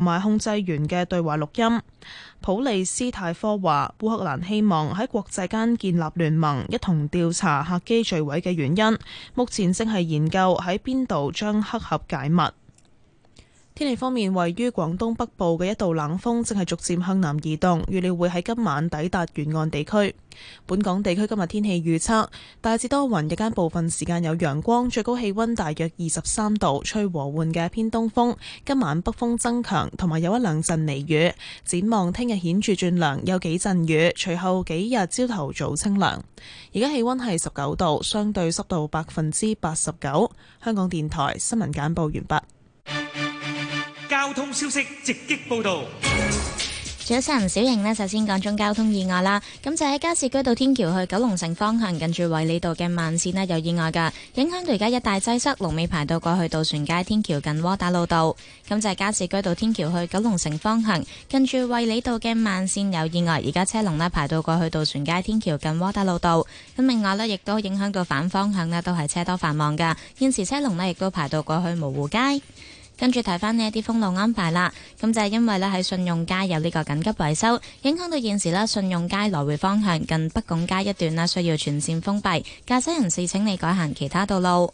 同埋控制員嘅對話錄音。普利斯泰科話，烏克蘭希望喺國際間建立聯盟，一同調查客機墜毀嘅原因。目前正係研究喺邊度將黑盒解密。天氣方面，位於廣東北部嘅一道冷鋒正係逐漸向南移動，預料會喺今晚抵達沿岸地區。本港地區今日天氣預測，大致多雲，日間部分時間有陽光，最高氣溫大約二十三度，吹和緩嘅偏東風。今晚北風增強，同埋有一兩陣微雨。展望聽日顯著轉涼，有幾陣雨，隨後幾日朝頭早清涼。而家氣溫係十九度，相對濕度百分之八十九。香港電台新聞簡報完畢。交通消息直擊報道。早晨，小瑩呢就先講中交通意外啦。咁就喺加士居道天橋去九龍城方向，近住衛理道嘅慢綫呢有意外噶影響到而家一大擠塞，龍尾排到過去渡船街天橋近窩打老道。咁就係加士居道天橋去九龍城方向，近住衛理道嘅慢綫有意外，而家車龍呢排到過去渡船街天橋近窩打老道。咁另外呢，亦都影響到反方向呢都係車多繁忙噶現時車龍呢亦都排到過去蕪湖街。跟住睇返呢一啲封路安排啦，咁就係、是、因為咧喺信用街有呢個緊急維修，影響到現時咧信用街來回方向近北拱街一段啊，需要全線封閉，駕駛人士請你改行其他道路。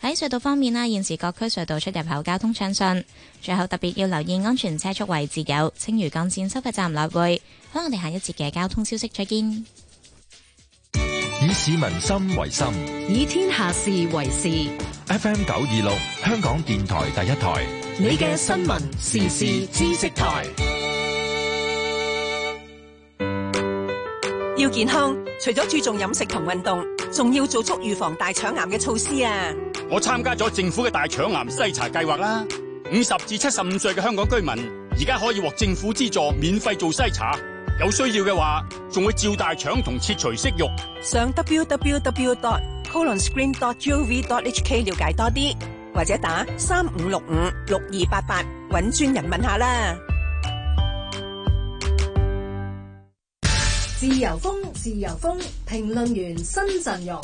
喺隧道方面啦，現時各區隧道出入口交通暢順。最後特別要留意安全車速位置有青嶼幹線收費站立會。好，我哋下一節嘅交通消息再見。以市民心為心，以天下事為事。FM 九二六，香港電台第一台。你嘅新聞、時事、知識台。要健康，除咗注重飲食同運動，仲要做足預防大腸癌嘅措施啊！我參加咗政府嘅大腸癌篩查計劃啦。五十至七十五歲嘅香港居民，而家可以獲政府資助免費做篩查。有需要嘅話，仲會照大腸同切除息肉。上 www. colonscreen.gov.hk 了解多啲，或者打三五六五六二八八搵專人問下啦。自由風，自由風，評論員新陣容。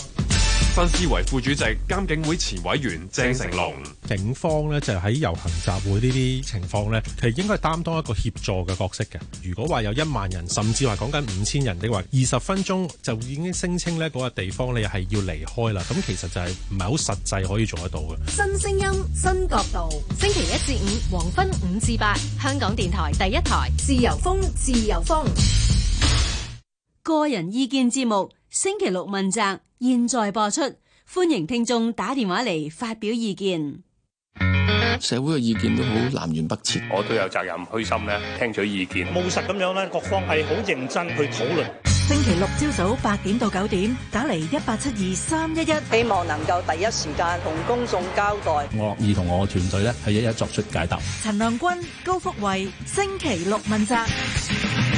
新思維副主席、監警會前委員鄭成龍，警方咧就喺遊行集會呢啲情況咧，其實應該係擔當一個協助嘅角色嘅。如果話有一萬人，甚至話講緊五千人，的話二十分鐘就已經聲稱咧嗰個地方你係要離開啦，咁其實就係唔係好實際可以做得到嘅。新聲音、新角度，星期一至五黃昏五至八，香港電台第一台，自由風，自由風，個人意見節目，星期六問責。現在播出，歡迎聽眾打電話嚟發表意見。社會嘅意見都好南轅北轍，我都有責任虛心咧聽取意見，務實咁樣咧，各方係好認真去討論。星期六朝早八點到九點，打嚟一八七二三一一，希望能夠第一時間同公眾交代。我樂意同我嘅團隊咧，係一一,一,一,一作出解答。陳亮均、高福慧，星期六問責。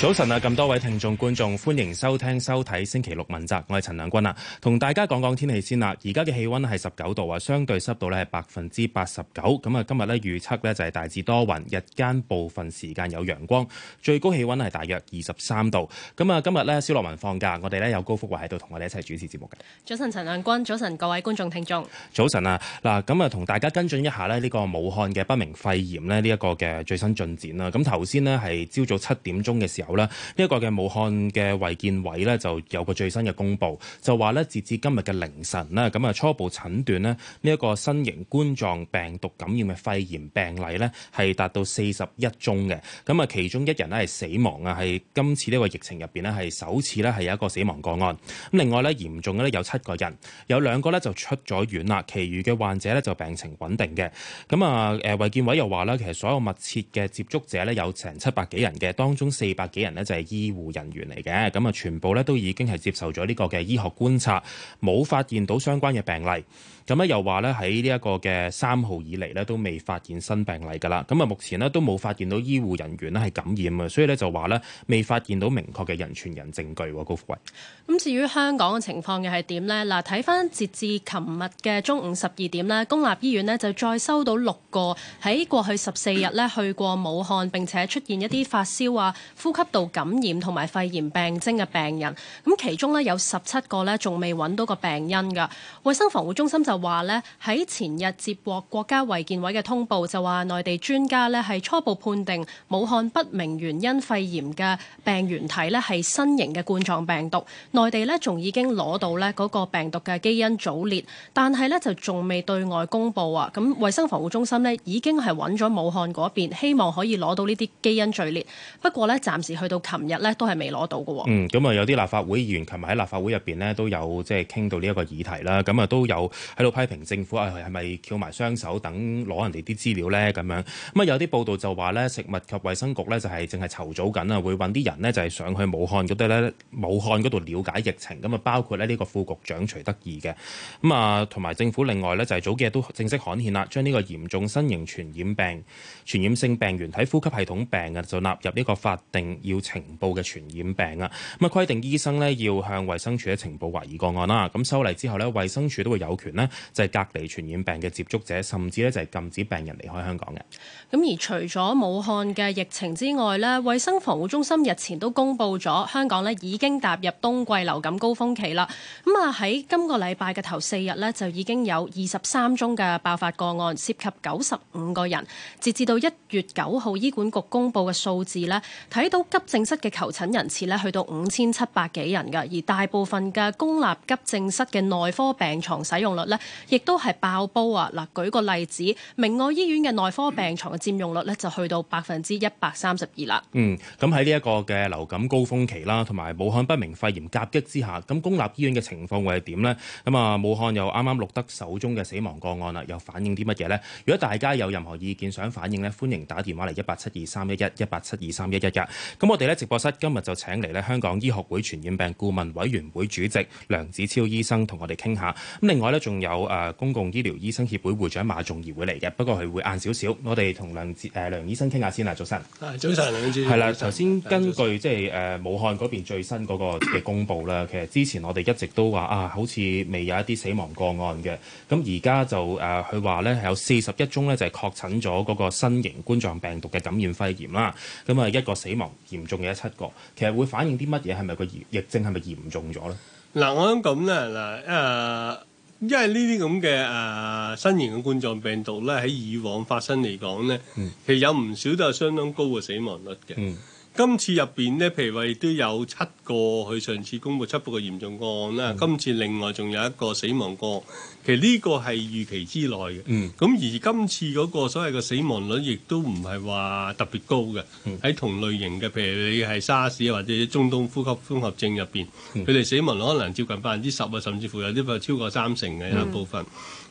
早晨啊！咁多位聽眾觀眾，歡迎收聽收睇星期六問責，我係陳亮均啊，同大家講講天氣先啦。而家嘅氣溫咧係十九度啊，相對濕度呢係百分之八十九。咁啊，今日呢，預測呢就係大致多雲，日間部分時間有陽光，最高氣溫咧係大約二十三度。咁啊，今日呢，蕭洛汶放假，我哋呢有高福慧喺度同我哋一齊主持節目嘅。早晨，陳亮均。早晨各位觀眾聽眾。早晨啊！嗱，咁啊同大家跟進一下呢，呢個武漢嘅不明肺炎呢，呢一個嘅最新進展啦。咁頭先呢，係朝早七點鐘嘅時候啦，呢一個嘅武漢嘅衛健委呢，就有個最新嘅公佈，就話呢，截至今日嘅凌晨呢，咁啊初步診斷呢，呢一個新型冠狀病毒感染嘅肺炎病例呢，係達到四十一宗嘅，咁啊其中一人呢係死亡啊，係今次呢個疫情入邊呢，係首次呢係有一個死亡個案，咁另外呢，嚴重嘅呢有七個人，有兩個呢就出咗院啦，其餘嘅患者呢就病情穩定嘅，咁啊誒衛健委又話呢，其實所有密切嘅接觸者呢，有成七百幾人嘅，當中四百幾人呢就係醫護人員嚟嘅，咁啊全部咧都已經係接受咗呢個嘅醫學觀察，冇發現到相關嘅病例。咁咧又話咧喺呢一個嘅三號以嚟呢，都未發現新病例㗎啦，咁啊目前呢，都冇發現到醫護人員咧係感染啊，所以咧就話呢，未發現到明確嘅人傳人證據喎，高福慧。咁至於香港嘅情況又係點呢？嗱，睇翻截至琴日嘅中午十二點呢，公立醫院呢，就再收到六個喺過去十四日呢去過武漢並且出現一啲發燒啊、呼吸道感染同埋肺炎病徵嘅病人。咁其中呢，有十七個呢，仲未揾到個病因㗎，衛生防護中心就，話呢，喺前日接獲國家衛健委嘅通報，就話內地專家呢係初步判定武漢不明原因肺炎嘅病原體呢係新型嘅冠狀病毒。內地呢仲已經攞到呢嗰個病毒嘅基因組列，但係呢就仲未對外公布啊。咁衛生防護中心呢已經係揾咗武漢嗰邊，希望可以攞到呢啲基因序列。不過呢，暫時去到琴日呢都係未攞到㗎。嗯，咁啊有啲立法會議員琴日喺立法會入邊呢，都有即係傾到呢一個議題啦。咁啊都有係。都批評政府係係咪翹埋雙手等攞人哋啲資料呢？咁樣咁啊、嗯，有啲報道就話咧，食物及衛生局呢就係淨係籌組緊啊，會揾啲人呢就係上去武漢嗰啲咧，武漢度了解疫情。咁啊，包括咧呢個副局長徐德義嘅咁啊，同埋政府另外呢，就係早幾日都正式刊憲啦，將呢個嚴重新型傳染病、傳染性病原體、呼吸系統病啊，就納入呢個法定要呈報嘅傳染病啊。咁、嗯、啊，規定醫生呢要向衛生署嘅呈報懷疑個案啦。咁、啊嗯、修例之後呢，衛生署都會有權咧。就係隔離傳染病嘅接觸者，甚至咧就係禁止病人離開香港嘅。咁而除咗武漢嘅疫情之外呢，衞生防護中心日前都公布咗香港咧已經踏入冬季流感高峰期啦。咁啊喺今個禮拜嘅頭四日呢，就已經有二十三宗嘅爆發個案，涉及九十五個人。截至到一月九號醫管局公布嘅數字呢，睇到急症室嘅求診人次咧去到五千七百幾人㗎，而大部分嘅公立急症室嘅內科病床使用率咧。亦都係爆煲啊！嗱，舉個例子，明愛醫院嘅內科病床嘅佔用率呢，就去到百分之一百三十二啦。嗯，咁喺呢一個嘅流感高峰期啦，同埋武漢不明肺炎夾擊之下，咁公立醫院嘅情況會係點呢？咁啊，武漢又啱啱錄得首宗嘅死亡個案啦，又反映啲乜嘢呢？如果大家有任何意見想反映呢，歡迎打電話嚟一八七二三一一一八七二三一一嘅。咁我哋呢，直播室今日就請嚟呢香港醫學會傳染病顧問委員會主席梁子超醫生同我哋傾下。咁另外呢，仲有。有誒、 嗯、公共醫療醫生協會會長馬仲儀會嚟嘅，不過佢會晏少少。我哋同梁志誒、呃、梁醫生傾下先啊，早晨。早晨，梁醫生。係啦是，頭先上根據即係誒武漢嗰邊最新嗰個嘅公佈啦，其實之前我哋一直都話啊，好似未有一啲死亡個案嘅。咁而家就誒佢話咧，有四十一宗咧，就係確診咗嗰個新型冠狀病毒嘅感染肺炎啦。咁啊一個死亡嚴重嘅一七個，其實會反映啲乜嘢？係咪個疫症係咪嚴重咗咧？嗱、嗯，我諗咁啦，嗱、嗯、誒。 因為呢啲咁嘅誒新型嘅冠狀病毒咧，喺以往發生嚟講咧，mm. 其實有唔少都係相當高嘅死亡率嘅。Mm. 今次入邊呢，譬如話亦都有七個，佢上次公布七個、個嚴重個案啦。嗯、今次另外仲有一個死亡個案，其實呢個係預期之內嘅。咁、嗯、而今次嗰個所謂嘅死亡率亦都唔係話特別高嘅。喺、嗯、同類型嘅，譬如你係沙士啊，或者中東呼吸綜合症入邊，佢哋、嗯、死亡率可能接近百分之十啊，甚至乎有啲超過三成嘅一部分。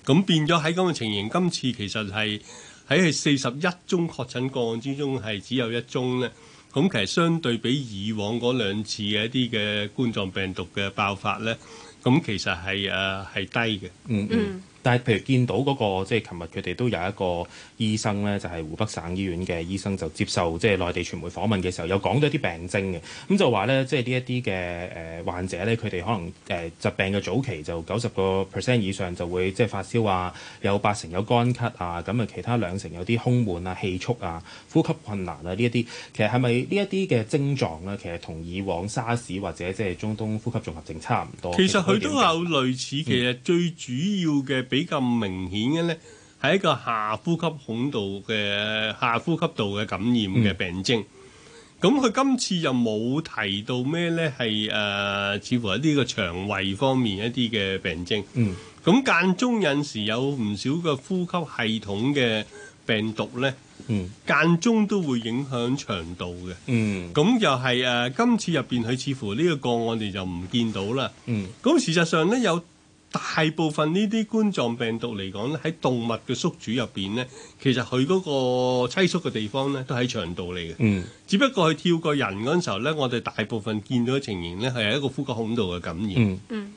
咁、嗯嗯、變咗喺咁嘅情形，今次其實係喺四十一宗確診個案之中，係只有一宗呢。咁其實相對比以往嗰兩次嘅一啲嘅冠狀病毒嘅爆發咧，咁其實係誒係低嘅。嗯嗯。嗯但係，譬如見到嗰、那個即係琴日，佢哋都有一個醫生咧，就係、是、湖北省醫院嘅醫生，就接受即係內地傳媒訪問嘅時候，有講咗一啲病徵嘅。咁就話咧，即係呢一啲嘅誒患者咧，佢哋可能誒、呃、疾病嘅早期就九十個 percent 以上就會即係發燒啊，有八成有乾咳啊，咁啊其他兩成有啲胸悶啊、氣促啊、呼吸困難啊呢一啲，其實係咪呢一啲嘅症狀咧，其實同以往沙士或者即係中東呼吸綜合症差唔多？其實佢都有類似，嗯、類似其實最主要嘅。比較明顯嘅呢係一個下呼吸孔道嘅下呼吸道嘅感染嘅病徵。咁佢、嗯、今次又冇提到咩呢係誒，似乎喺呢個腸胃方面一啲嘅病徵。嗯。咁間中有時有唔少嘅呼吸系統嘅病毒呢，嗯。間中都會影響腸道嘅。嗯。咁又係誒、呃，今次入邊佢似乎呢個個案，我哋就唔見到啦。嗯。咁事實上呢，有。大部分呢啲冠狀病毒嚟講咧，喺動物嘅宿主入邊咧，其實佢嗰個棲宿嘅地方咧，都喺腸道嚟嘅。嗯，只不過佢跳過人嗰陣時候咧，我哋大部分見到嘅情形咧，係有一個呼吸孔道嘅感染。嗯。嗯。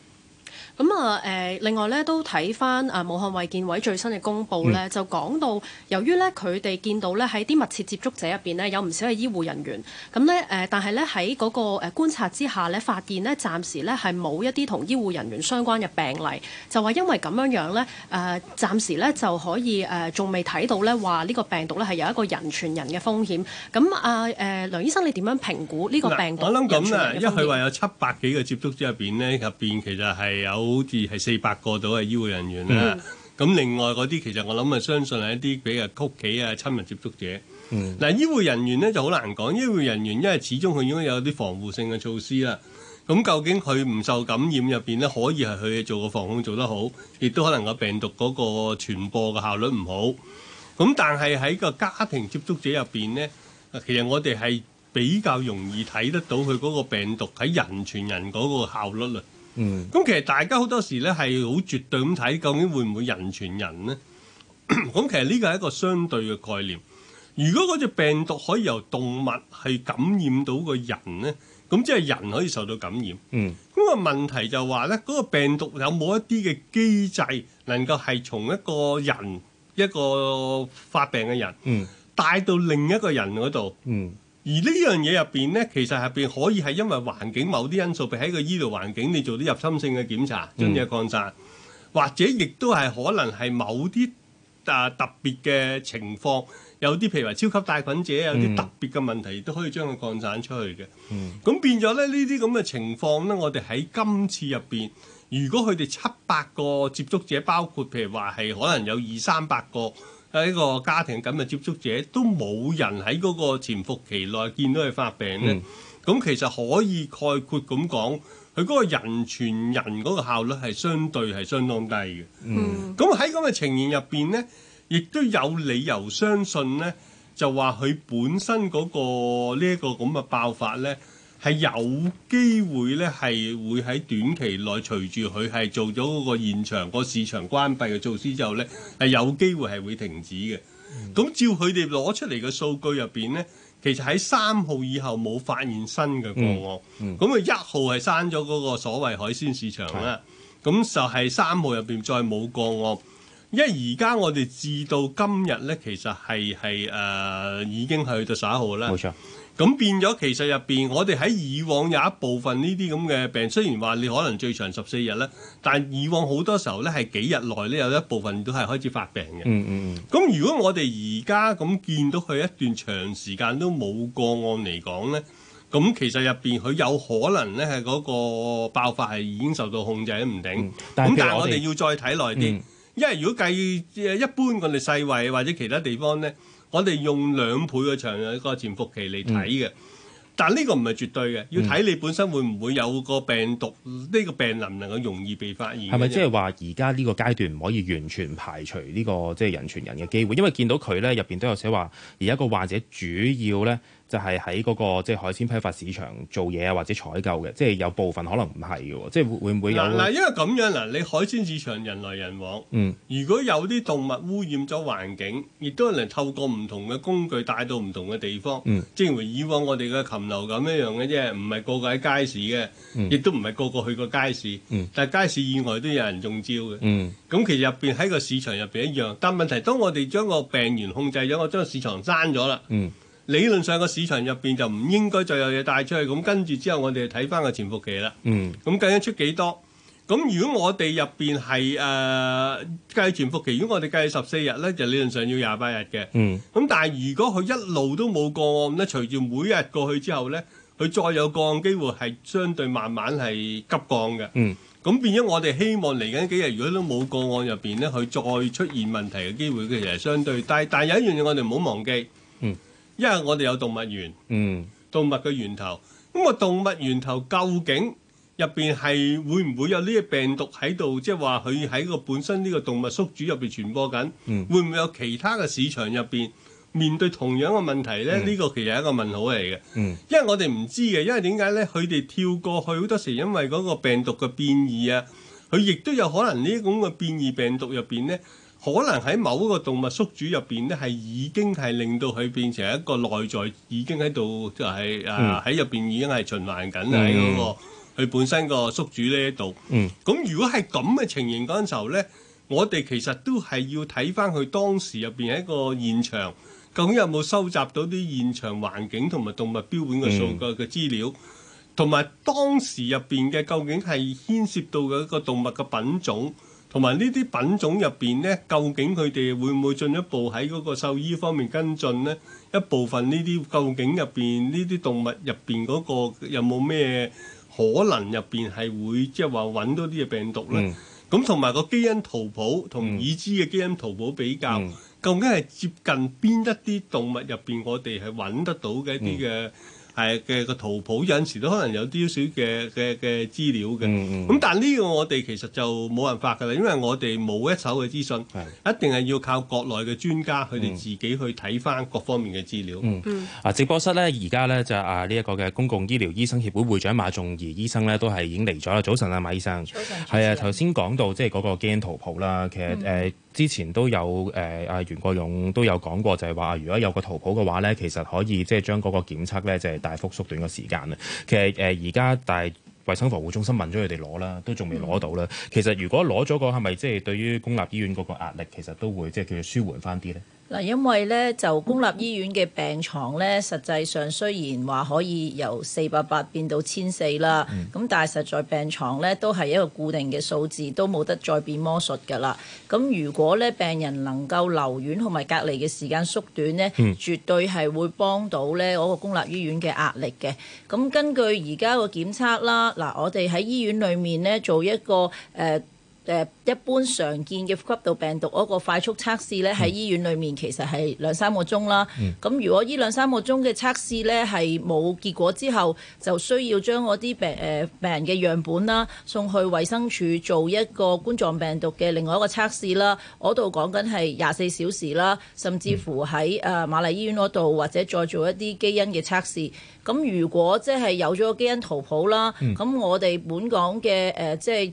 咁啊，誒、呃，另外咧都睇翻啊，武漢衛健委最新嘅公布咧，嗯、就講到由於咧佢哋見到咧喺啲密切接觸者入邊呢，有唔少嘅醫護人員，咁咧誒，但係咧喺嗰個誒觀察之下咧，發現呢，暫時咧係冇一啲同醫護人員相關嘅病例，就話因為咁樣樣咧，誒、呃，暫時咧就可以誒仲、呃、未睇到咧話呢個病毒咧係有一個人傳人嘅風險。咁啊，誒、呃，梁醫生你點樣評估呢個病毒人傳人？我諗咁啊，因為佢話有七百幾個接觸者入邊呢，入邊其實係有。好似係四百個到嘅醫護人員啦，咁、嗯、另外嗰啲其實我諗啊，相信係一啲比較曲奇啊、親密接觸者。嗱、嗯、醫護人員咧就好難講，醫護人員因為始終佢應該有啲防護性嘅措施啦。咁究竟佢唔受感染入邊咧，可以係佢做個防控做得好，亦都可能個病毒嗰個傳播嘅效率唔好。咁但係喺個家庭接觸者入邊咧，其實我哋係比較容易睇得到佢嗰個病毒喺人傳人嗰個效率啦。咁、嗯、其實大家好多時咧係好絕對咁睇，究竟會唔會人傳人呢？咁 其實呢個係一個相對嘅概念。如果嗰隻病毒可以由動物係感染到個人呢，咁即係人可以受到感染。咁、嗯、個問題就話呢，嗰、嗰個病毒有冇一啲嘅機制能夠係從一個人一個發病嘅人、嗯、帶到另一個人嗰度？嗯而呢樣嘢入邊呢，其實入邊可以係因為環境某啲因素，譬如喺個醫療環境你做啲入侵性嘅檢查，將嘢擴散，嗯、或者亦都係可能係某啲啊、呃、特別嘅情況，有啲譬如話超級帶菌者有啲特別嘅問題，亦都可以將佢擴散出去嘅。咁、嗯、變咗咧，呢啲咁嘅情況呢，我哋喺今次入邊，如果佢哋七百個接觸者，包括譬如話係可能有二三百個。喺個家庭咁嘅接觸者都冇人喺嗰個潛伏期內見到佢發病咧，咁、嗯、其實可以概括咁講，佢嗰個人傳人嗰個效率係相對係相當低嘅。咁喺咁嘅情形入邊咧，亦都有理由相信咧，就話佢本身嗰個呢個咁嘅爆發咧。係有機會咧，係會喺短期內隨，隨住佢係做咗嗰個現場、個市場關閉嘅措施之後咧，係有機會係會停止嘅。咁照佢哋攞出嚟嘅數據入邊呢，其實喺三號以後冇發現新嘅個案。咁啊、嗯，一、嗯、號係閂咗嗰個所謂海鮮市場啦。咁是就係三號入邊再冇個案，因為而家我哋至到今日咧，其實係係誒已經去到十一號啦。冇錯。咁變咗，其實入邊我哋喺以往有一部分呢啲咁嘅病，雖然話你可能最長十四日咧，但以往好多時候咧係幾日內咧有一部分都係開始發病嘅、嗯。嗯嗯咁如果我哋而家咁見到佢一段長時間都冇個案嚟講咧，咁其實入邊佢有可能咧係嗰個爆發係已經受到控制唔定、嗯。但係我哋要再睇耐啲，嗯、因為如果計一般我哋世衞或者其他地方咧。我哋用兩倍嘅長嘅一個潛伏期嚟睇嘅，嗯、但係呢個唔係絕對嘅，要睇你本身會唔會有個病毒呢、呢個病能唔能夠容易被發現？係咪即係話而家呢個階段唔可以完全排除呢、呢個即係、即係、人傳人嘅機會？因為見到佢咧入邊都有寫話，而家個患者主要咧。就係喺嗰個即係海鮮批發市場做嘢啊，或者採購嘅，即係有部分可能唔係嘅，即係會唔會有？嗱，因為咁樣嗱，你海鮮市場人來人往，嗯，如果有啲動物污染咗環境，亦都能透過唔同嘅工具帶到唔同嘅地方，嗯，正如以往我哋嘅禽流感咁一樣嘅啫，唔係個個喺街市嘅，嗯，亦都唔係個個去過街市，嗯，但係街市以外都有人中招嘅，嗯，咁其實入邊喺個市場入邊一樣，但問題當我哋將個病源控制咗，我將個市場閂咗啦，嗯。理論上個市場入邊就唔應該再有嘢帶出去，咁跟住之後我哋睇翻個潛伏期啦。嗯，咁計咗出幾多？咁如果我哋入邊係誒計潛伏期，如果我哋計十四日咧，就理論上要廿八日嘅。嗯，咁但係如果佢一路都冇個案咧，隨住每日過去之後咧，佢再有個案機會係相對慢慢係急降嘅。嗯，咁變咗我哋希望嚟緊幾日，如果都冇個案入邊咧，佢再出現問題嘅機會，其實係相對低。但係有一樣嘢我哋唔好忘記。因為我哋有動物園，動物嘅源頭，咁啊動物源頭究竟入邊係會唔會有呢啲病毒喺度？即係話佢喺個本身呢個動物宿主入邊傳播緊，嗯、會唔會有其他嘅市場入邊面，面對同樣嘅問題咧？呢、嗯、個其實係一個問號嚟嘅、嗯，因為我哋唔知嘅。因為點解咧？佢哋跳過去好多時，因為嗰個病毒嘅變異啊，佢亦都有可能呢啲咁嘅變異病毒入邊咧。可能喺某一個動物宿主入邊呢，係已經係令到佢變成一個內在已經喺度，即係誒喺入邊已經係循環緊喺嗰個佢本身個宿主呢一度。咁、嗯、如果係咁嘅情形嗰陣時候呢，我哋其實都係要睇翻佢當時入邊一個現場，究竟有冇收集到啲現場環境同埋動物標本嘅數據嘅資料，同埋當時入邊嘅究竟係牽涉到嘅一個動物嘅品種。同埋呢啲品種入邊呢，究竟佢哋會唔會進一步喺嗰個獸醫方面跟進呢？一部分呢啲究竟入邊呢啲動物入邊嗰個有冇咩可能入邊係會即係話揾到啲嘅病毒呢？咁同埋個基因圖譜同已知嘅基因圖譜比較，嗯、究竟係接近邊一啲動物入邊我哋係揾得到嘅一啲嘅？嗯嗯係嘅，個圖譜有陣時都可能有啲少嘅嘅嘅資料嘅。咁、嗯、但係呢個我哋其實就冇辦法㗎啦，因為我哋冇一手嘅資訊，的一定係要靠國內嘅專家佢哋、嗯、自己去睇翻各方面嘅資料。啊、嗯，直播室呢，而家呢就啊呢一、個嘅公共醫療醫生協會會長馬仲儀醫生呢，都係已經嚟咗啦。早晨啊，馬醫生。早晨。係啊，頭先講到即係嗰個基因圖譜啦，其實誒。嗯之前都有誒啊、呃、袁國勇都有講過就，就係話如果有個圖譜嘅話咧，其實可以即係將嗰個檢測咧，就係、是、大幅縮短個時間啊。其實誒而家但係衞生防護中心問咗佢哋攞啦，都仲未攞到啦。嗯、其實如果攞咗、那個係咪即係對於公立醫院嗰個壓力，其實都會即係叫做舒緩返啲咧。嗱，因為咧就公立醫院嘅病床咧，實際上雖然話可以由四百八變到千四啦，咁但係實在病床咧都係一個固定嘅數字，都冇得再變魔術㗎啦。咁如果咧病人能夠留院同埋隔離嘅時間縮短咧，嗯、絕對係會幫到咧嗰個公立醫院嘅壓力嘅。咁根據而家個檢測啦，嗱，我哋喺醫院裡面咧做一個誒。呃誒一般常見嘅呼吸道病毒嗰個快速測試咧，喺醫院裏面其實係兩三個鐘啦。咁、嗯、如果呢兩三個鐘嘅測試咧係冇結果之後，就需要將嗰啲病誒、呃、病人嘅樣本啦，送去衛生署做一個冠狀病毒嘅另外一個測試啦。嗰度講緊係廿四小時啦，甚至乎喺誒瑪麗醫院嗰度或者再做一啲基因嘅測試。咁如果即係有咗基因圖譜啦，咁、嗯、我哋本港嘅誒即係。呃就是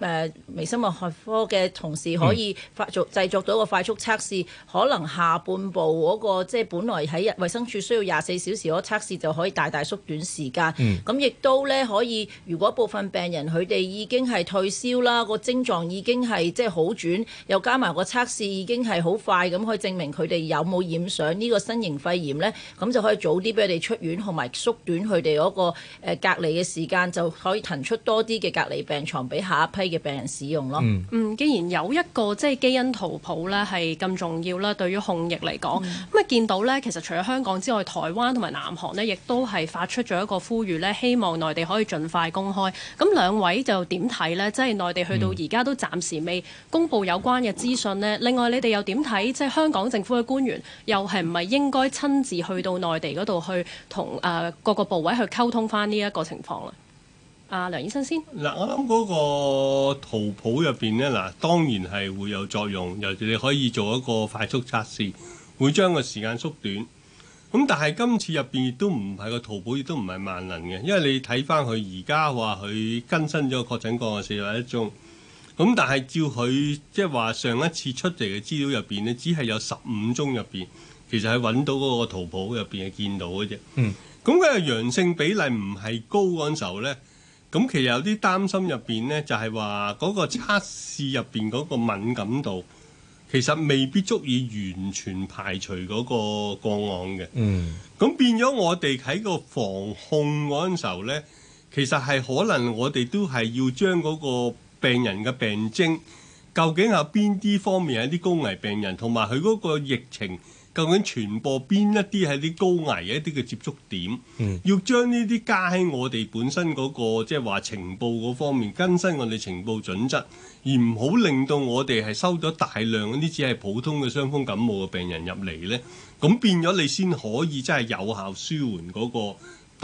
誒微生物學科嘅同事可以發作製作到個快速測試，嗯、可能下半部嗰、那個即係、就是、本來喺衛生署需要廿四小時嗰測試就可以大大縮短時間，咁亦、嗯、都咧可以，如果部分病人佢哋已經係退燒啦，那個症狀已經係即係好轉，又加埋個測試已經係好快咁，可以證明佢哋有冇染上呢個新型肺炎咧，咁就可以早啲俾佢哋出院，同埋縮短佢哋嗰個誒隔離嘅時間，就可以騰出多啲嘅隔離病床俾下一批。嘅病人使用咯，嗯，既然有一個即係、就是、基因圖譜咧係咁重要啦，對於控疫嚟講，咁啊、嗯、見到咧，其實除咗香港之外，台灣同埋南韓咧，亦都係發出咗一個呼籲咧，希望內地可以盡快公開。咁兩位就點睇咧？即係內地去到而家都暫時未公布有關嘅資訊咧。嗯、另外，你哋又點睇？即、就、係、是、香港政府嘅官員又係唔係應該親自去到內地嗰度去同誒、呃、各個部委去溝通翻呢一個情況咧？阿、啊、梁醫生先嗱、啊，我諗嗰個圖譜入邊呢，嗱，當然係會有作用，尤其你可以做一個快速測試，會將個時間縮短。咁、嗯、但係今次入邊亦都唔係、嗰個圖譜，亦都唔係萬能嘅，因為你睇翻佢而家話佢更新咗確診個案四十一宗。咁、嗯、但係照佢即係話上一次出嚟嘅資料入邊呢，只係有十五宗入邊，其實喺揾到嗰個圖譜入邊係見到嘅啫。咁佢個陽性比例唔係高嗰陣時候呢。咁其實有啲擔心入邊呢，就係話嗰個測試入邊嗰個敏感度其實未必足以完全排除嗰個個案嘅。嗯，咁變咗我哋喺個防控嗰陣時候呢，其實，係可能我哋都係要將嗰個病人嘅病徵究竟有邊啲方面有啲高危病人，同埋佢嗰個疫情。究竟傳播邊一啲係啲高危一啲嘅接觸點？嗯、要將呢啲加喺我哋本身嗰、嗰個即係話情報嗰方面更新我哋情報準則，而唔好令到我哋係收咗大量嗰啲只係普通嘅傷風感冒嘅病人入嚟呢，咁變咗你先可以真係有效舒緩嗰個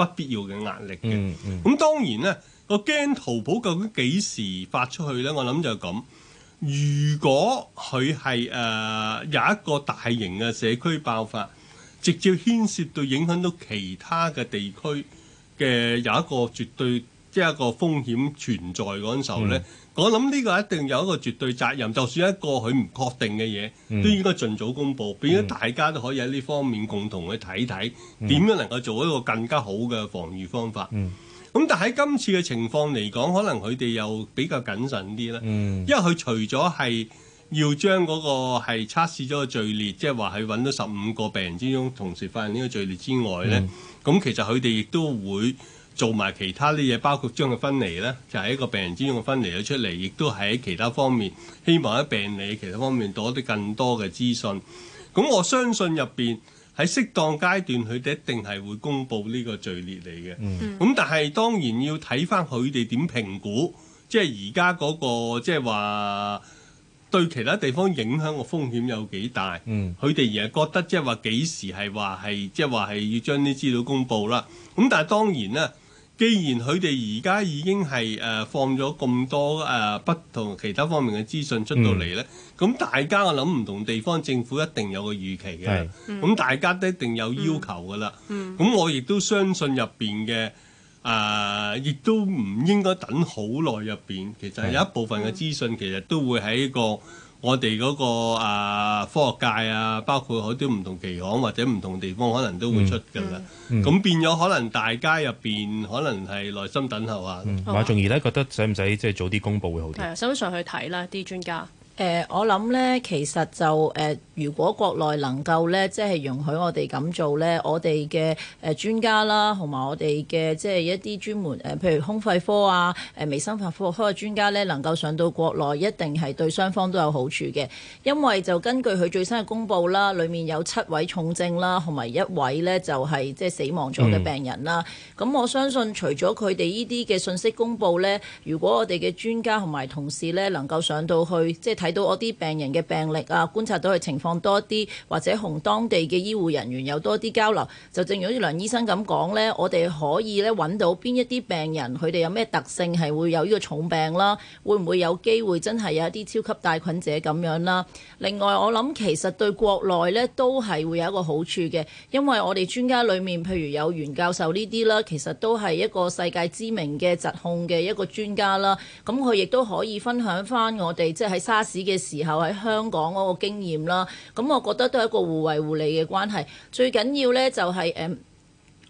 不必要嘅壓力嘅。咁、嗯嗯、當然咧，嗰個驚淘跑究竟幾時發出去呢？我諗就係咁。如果佢係誒有一個大型嘅社區爆發，直接牽涉到影響到其他嘅地區嘅有一個絕對，即係一個風險存在嗰陣時候呢、嗯、我諗呢個一定有一個絕對責任。就算一個佢唔確定嘅嘢，都應該盡早公佈，變咗大家都可以喺呢方面共同去睇睇，點樣能夠做一個更加好嘅防禦方法。嗯嗯嗯咁但喺今次嘅情況嚟講，可能佢哋又比較謹慎啲咧，嗯、因為佢除咗係要將嗰個係測試咗個序列，即係話佢搵到十五個病人之中同時發現呢個序列之外咧，咁、嗯、其實佢哋亦都會做埋其他啲嘢，包括將佢分離咧，就係、一個病人之中嘅分離咗出嚟，亦都喺其他方面希望喺病理其他方面多啲更多嘅資訊。咁我相信入邊。喺適當階段，佢哋一定係會公布呢個序列嚟嘅。咁、mm. 嗯、但係當然要睇翻佢哋點評估，即係而家嗰個即係話對其他地方影響個風險有幾大。佢哋而家覺得即係話幾時係話係即係話係要將啲資料公布啦。咁、嗯、但係當然咧。既然佢哋而家已經係誒、呃、放咗咁多誒、呃、不同其他方面嘅資訊出到嚟咧，咁、嗯、大家我諗唔同地方政府一定有個預期嘅，咁是、嗯、大家都一定有要求噶啦。咁、嗯嗯、我亦都相信入邊嘅誒亦都唔應該等好耐入邊，其實有一部分嘅資訊其實都會喺一個。我哋嗰、那個啊科學界啊，包括好多唔同機構或者唔同地方，可能都會出㗎啦。咁、嗯、變咗，可能大家入邊可能係耐心等候啊，馬仲儀咧覺得使唔使即係早啲公佈會好啲？係 Okay.，稍手上去睇啦，啲專家。誒、呃，我諗呢，其實就誒、呃，如果國內能夠呢，即係容許我哋咁做呢，我哋嘅誒專家啦，同埋我哋嘅即係一啲專門誒、呃，譬如胸肺科啊、誒微生物科科嘅專家呢，能夠上到國內，一定係對雙方都有好處嘅。因為就根據佢最新嘅公佈啦，裡面有七位重症啦，同埋一位呢就係即係死亡咗嘅病人啦。咁、嗯、我相信除咗佢哋呢啲嘅信息公佈呢，如果我哋嘅專家同埋同事呢能夠上到去，即係睇到我啲病人嘅病歷啊，觀察到嘅情況多啲，或者同當地嘅醫護人員有多啲交流，就正如梁醫生咁講咧，我哋可以咧揾到邊一啲病人佢哋有咩特性係會有呢個重病啦，會唔會有機會真係有一啲超級帶菌者咁樣啦？另外我諗其實對國內咧都係會有一個好處嘅，因為我哋專家裡面譬如有袁教授呢啲啦，其實都係一個世界知名嘅疾控嘅一個專家啦，咁佢亦都可以分享翻我哋即係喺沙士。嘅時候喺香港嗰個經驗啦，咁我覺得都係一個互惠互利嘅關係。最緊要呢，就係，就係誒。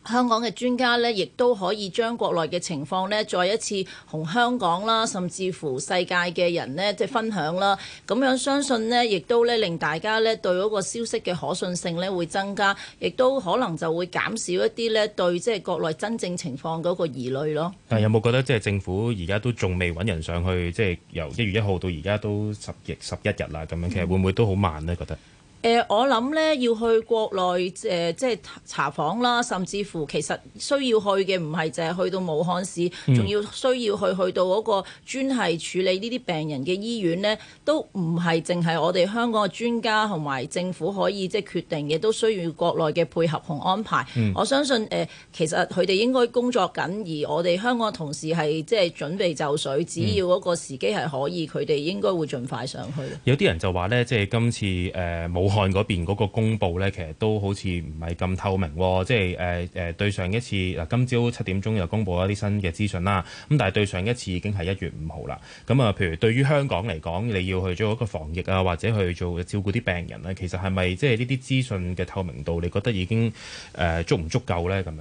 香港嘅專家呢，亦都可以將國內嘅情況呢，再一次同香港啦，甚至乎世界嘅人呢，即係分享啦。咁樣相信呢，亦都呢令大家呢對嗰個消息嘅可信性呢會增加，亦都可能就會減少一啲呢對即係國內真正情況嗰個疑慮咯。但有冇覺得即係政府而家都仲未揾人上去，即係由一月一號到而家都十日十一日啦，咁樣其實會唔會都好慢呢？覺得？誒，我諗咧要去國內誒，即係查訪啦，甚至乎其實需要去嘅唔係淨係去到武漢市，仲要需要去去到嗰個專係處理呢啲病人嘅醫院呢，都唔係淨係我哋香港嘅專家同埋政府可以即係決定嘅，都需要國內嘅配合同安排。我相信誒，其實佢哋應該工作緊，而我哋香港同事係即係準備就緒，只要嗰個時機係可以，佢哋應該會盡快上去。有啲人就話呢，即係今次誒武韓嗰邊嗰個公佈咧，其實都好似唔係咁透明喎、哦。即係誒誒，對上一次嗱，今朝七點鐘又公佈一啲新嘅資訊啦。咁但係對上一次已經係一月五號啦。咁、嗯、啊，譬如對於香港嚟講，你要去做一個防疫啊，或者去做照顧啲病人咧，其實係咪即係呢啲資訊嘅透明度，你覺得已經誒、呃、足唔足夠咧？咁樣？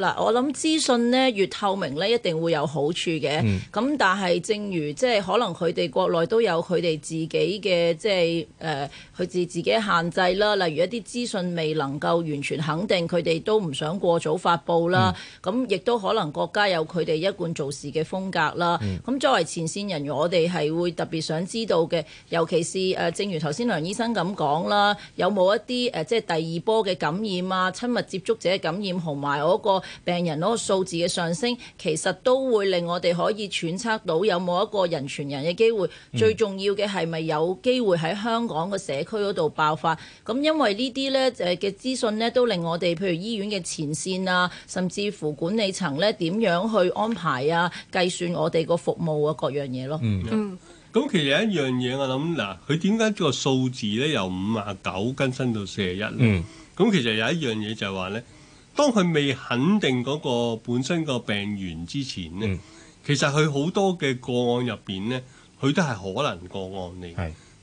嗱，我諗資訊咧越透明咧一定會有好處嘅。咁、嗯、但係正如即係可能佢哋國內都有佢哋自己嘅即係誒佢自自己限制啦。例如一啲資訊未能夠完全肯定，佢哋都唔想過早發布、嗯、啦。咁亦都可能國家有佢哋一貫做事嘅風格啦。咁、嗯、作為前線人員，我哋係會特別想知道嘅，尤其是誒、呃、正如頭先梁醫生咁講啦，有冇一啲誒、呃、即係第二波嘅感染啊、親密接觸者嘅感染，同埋嗰個。病人嗰個數字嘅上升，其實都會令我哋可以揣測到有冇一個人傳人嘅機會。嗯、最重要嘅係咪有機會喺香港個社區嗰度爆發？咁因為呢啲呢誒嘅資訊呢，都令我哋譬如醫院嘅前線啊，甚至乎管理層呢點樣去安排啊，計算我哋個服務啊各樣嘢咯。嗯，咁其實有一樣嘢我諗嗱，佢點解個數字呢由五啊九更新到四啊一呢？咁、嗯嗯、其實有一樣嘢就係話呢。當佢未肯定嗰個本身個病源之前咧，嗯、其實佢好多嘅個案入邊呢，佢都係可能個案嚟，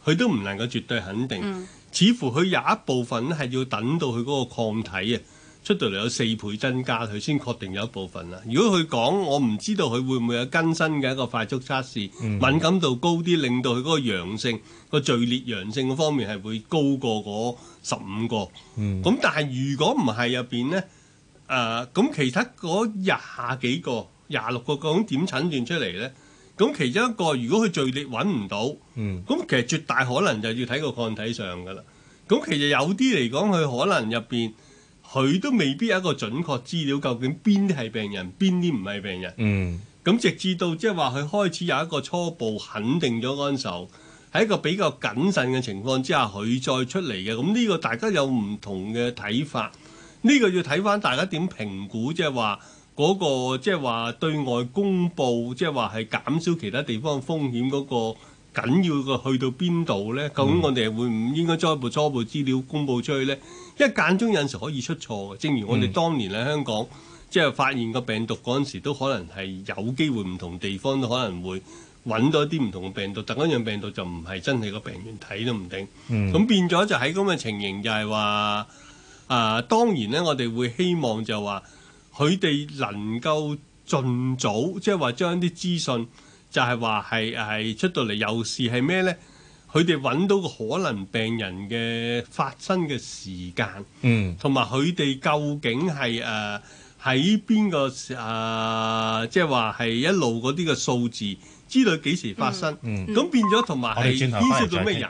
佢是都唔能夠絕對肯定。嗯、似乎佢有一部分咧係要等到佢嗰個抗體啊出到嚟有四倍增加，佢先確定有一部分啦。如果佢講我唔知道佢會唔會有更新嘅一個快速測試，嗯、敏感度高啲，令到佢嗰個陽性個序列陽性嘅方面係會高過嗰十五個。咁、嗯嗯、但係如果唔係入邊呢？誒，咁、呃、其他嗰廿幾個、廿六個究竟點診斷出嚟呢？咁其中一個，如果佢序列揾唔到，咁、嗯、其實絕大可能就要睇個抗體上噶啦。咁其實有啲嚟講，佢可能入邊，佢都未必有一個準確資料，究竟邊啲係病人，邊啲唔係病人。咁、嗯、直至到即係話佢開始有一個初步肯定咗安守，喺一個比較謹慎嘅情況之下，佢再出嚟嘅。咁呢個大家有唔同嘅睇法。呢個要睇翻大家點評估，即係話嗰個即係話對外公布，即係話係減少其他地方風險嗰個緊要嘅去到邊度呢？嗯、究竟我哋會唔應該將一部初步資料公佈出去呢？因為間中有時可以出錯嘅，正如我哋當年喺香港、嗯、即係發現個病毒嗰陣時，都可能係有機會唔同地方都可能會揾到一啲唔同嘅病毒，但嗰樣病毒就唔係真係個病原體都唔定。咁、嗯、變咗就喺咁嘅情形，就係、係、話。啊、呃，當然咧，我哋會希望就話佢哋能夠盡早，即係話將啲資訊就係話係係出到嚟，又是係咩咧？佢哋揾到個可能病人嘅發生嘅時間，嗯，同埋佢哋究竟係誒喺邊個誒，即係話係一路啲嘅數字，知道幾時發生，嗯，咁、嗯、變咗同埋係牽涉到咩人？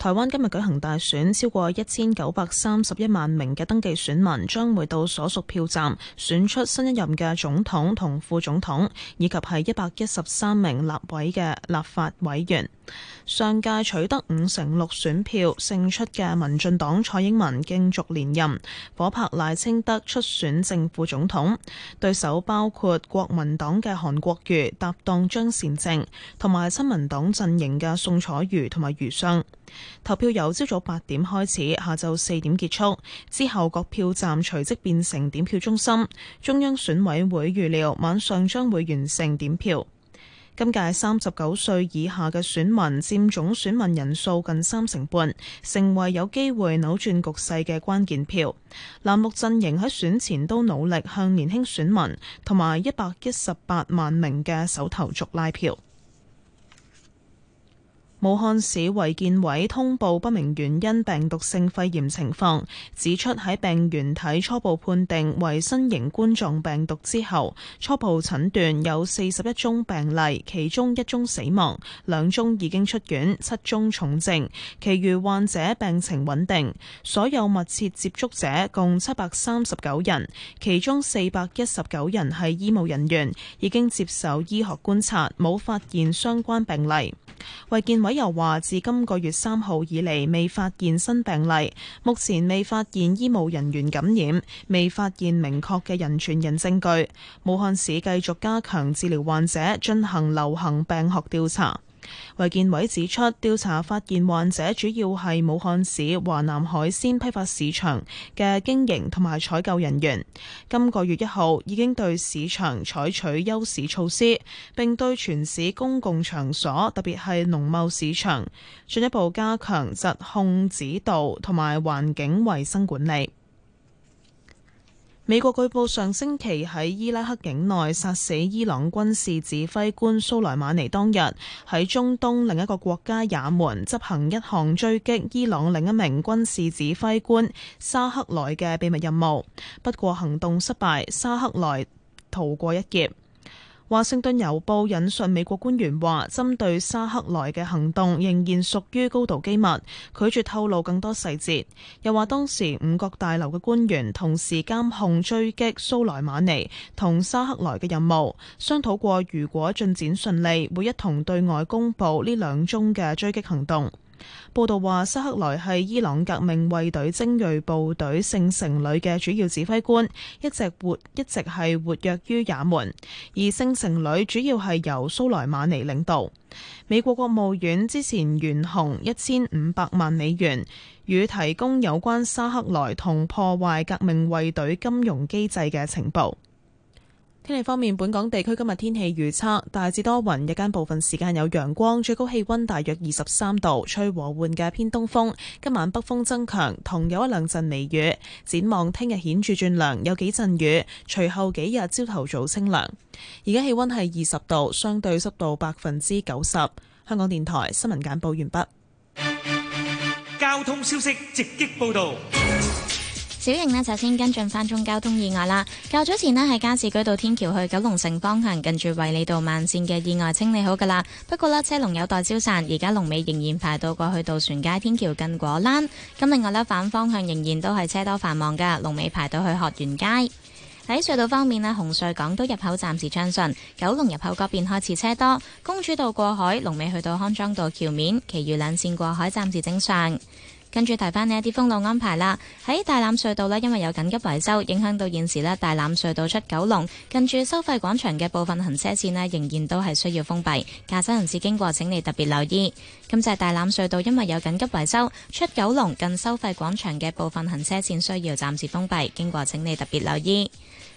台灣今日舉行大選，超過一千九百三十一萬名嘅登記選民將會到所屬票站，選出新一任嘅總統同副總統，以及係一百一十三名立委嘅立法委員。上屆取得五成六選票勝出嘅民進黨蔡英文競逐連任，夥拍賴清德出選正副總統，對手包括國民黨嘅韓國瑜搭檔張善政，同埋親民黨陣營嘅宋楚瑜同埋余湘。投票由朝早八點開始，下晝四點結束，之後各票站隨即變成點票中心。中央選委會預料晚上將會完成點票。今屆三十九歲以下嘅選民佔總選民人數近三成半，成為有機會扭轉局勢嘅關鍵票。藍綠陣營喺選前都努力向年輕選民同埋一百一十八萬名嘅首投族拉票。武漢市衛健委通報不明原因病毒性肺炎情況，指出喺病原體初步判定為新型冠狀病毒之後，初步診斷有四十一宗病例，其中一宗死亡，兩宗已經出院，七宗重症，其餘患者病情穩定。所有密切接觸者共七百三十九人，其中四百一十九人係醫務人員，已經接受醫學觀察，冇發現相關病例。衛健委又話，自今個月三號以嚟未發現新病例，目前未發現醫務人員感染，未發現明確嘅人傳人證據。武漢市繼續加強治療患者，進行流行病學調查。衛健委指出，調查發現患者主要係武漢市華南海鮮批發市場嘅經營同埋採購人員。今個月一號已經對市場採取休市措施，並對全市公共場所，特別係農貿市場，進一步加強疾控指導同埋環境衛生管理。美國據報上星期喺伊拉克境內殺死伊朗軍事指揮官蘇萊馬尼，當日喺中東另一個國家也門執行一項追擊伊朗另一名軍事指揮官沙克萊嘅秘密任務，不過行動失敗，沙克萊逃過一劫。華盛頓郵報引述美國官員話，針對沙克萊嘅行動仍然屬於高度機密，拒絕透露更多細節。又話當時五角大樓嘅官員同時監控追擊蘇萊馬尼同沙克萊嘅任務，商討過如果進展順利，會一同對外公布呢兩宗嘅追擊行動。報道話，沙克萊係伊朗革命衛隊精鋭部隊聖城旅嘅主要指揮官，一直活一直係活躍於也門，而聖城旅主要係由蘇萊曼尼領導。美國國務院之前懸紅一千五百萬美元，與提供有關沙克萊同破壞革命衛隊金融機制嘅情報。天氣方面，本港地區今日天氣預測大致多雲，日間部分時間有陽光，最高氣溫大約二十三度，吹和緩嘅偏東風。今晚北風增強，同有一兩陣微雨。展望聽日顯著轉涼，有幾陣雨，隨後幾日朝頭早清涼。而家氣溫係二十度，相對濕度百分之九十。香港電台新聞簡報完畢。交通消息，直擊報道。小瑩呢，就先跟進翻宗交通意外啦。較早前呢，喺加士居道天橋去九龍城方向近住衛理道慢線嘅意外清理好噶啦，不過呢，車龍有待消散，而家龍尾仍然排到過去渡船街天橋近果欄。咁另外呢，反方向仍然都係車多繁忙噶，龍尾排到去鶴園街。喺隧道方面呢，紅隧港島入口暫時暢順，九龍入口嗰邊開始車多，公主道過海龍尾去到康莊道橋面，其餘兩線過海暫時正常。跟住提翻呢一啲封路安排啦，喺大欖隧道呢，因為有緊急維修，影響到現時呢大欖隧道出九龍近住收費廣場嘅部分行車線呢，仍然都係需要封閉，駕駛人士經過請你特別留意。咁就係大欖隧道因為有緊急維修，出九龍近收費廣場嘅部分行車線需要暫時封閉，經過請你特別留意。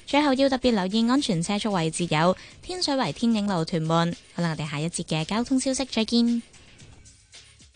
最後要特別留意安全車速位置有天水圍天影路屯門。好啦，我哋下一節嘅交通消息再見。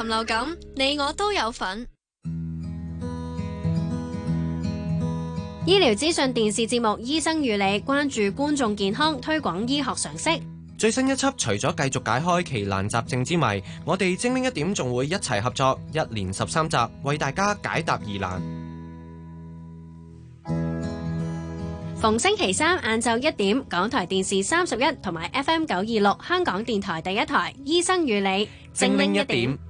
禽流感，你我都有份。醫療資訊電視節目《醫生與你》，關注觀眾健康，推廣醫學常識。最新一輯除咗繼續解開奇難雜症之謎，我哋精靈一點，仲會一齊合作，一連十三集為大家解答疑難。逢星期三晏晝一點，港台電視三十一同埋 FM 九二六，香港電台第一台《醫生與你》，精靈一點。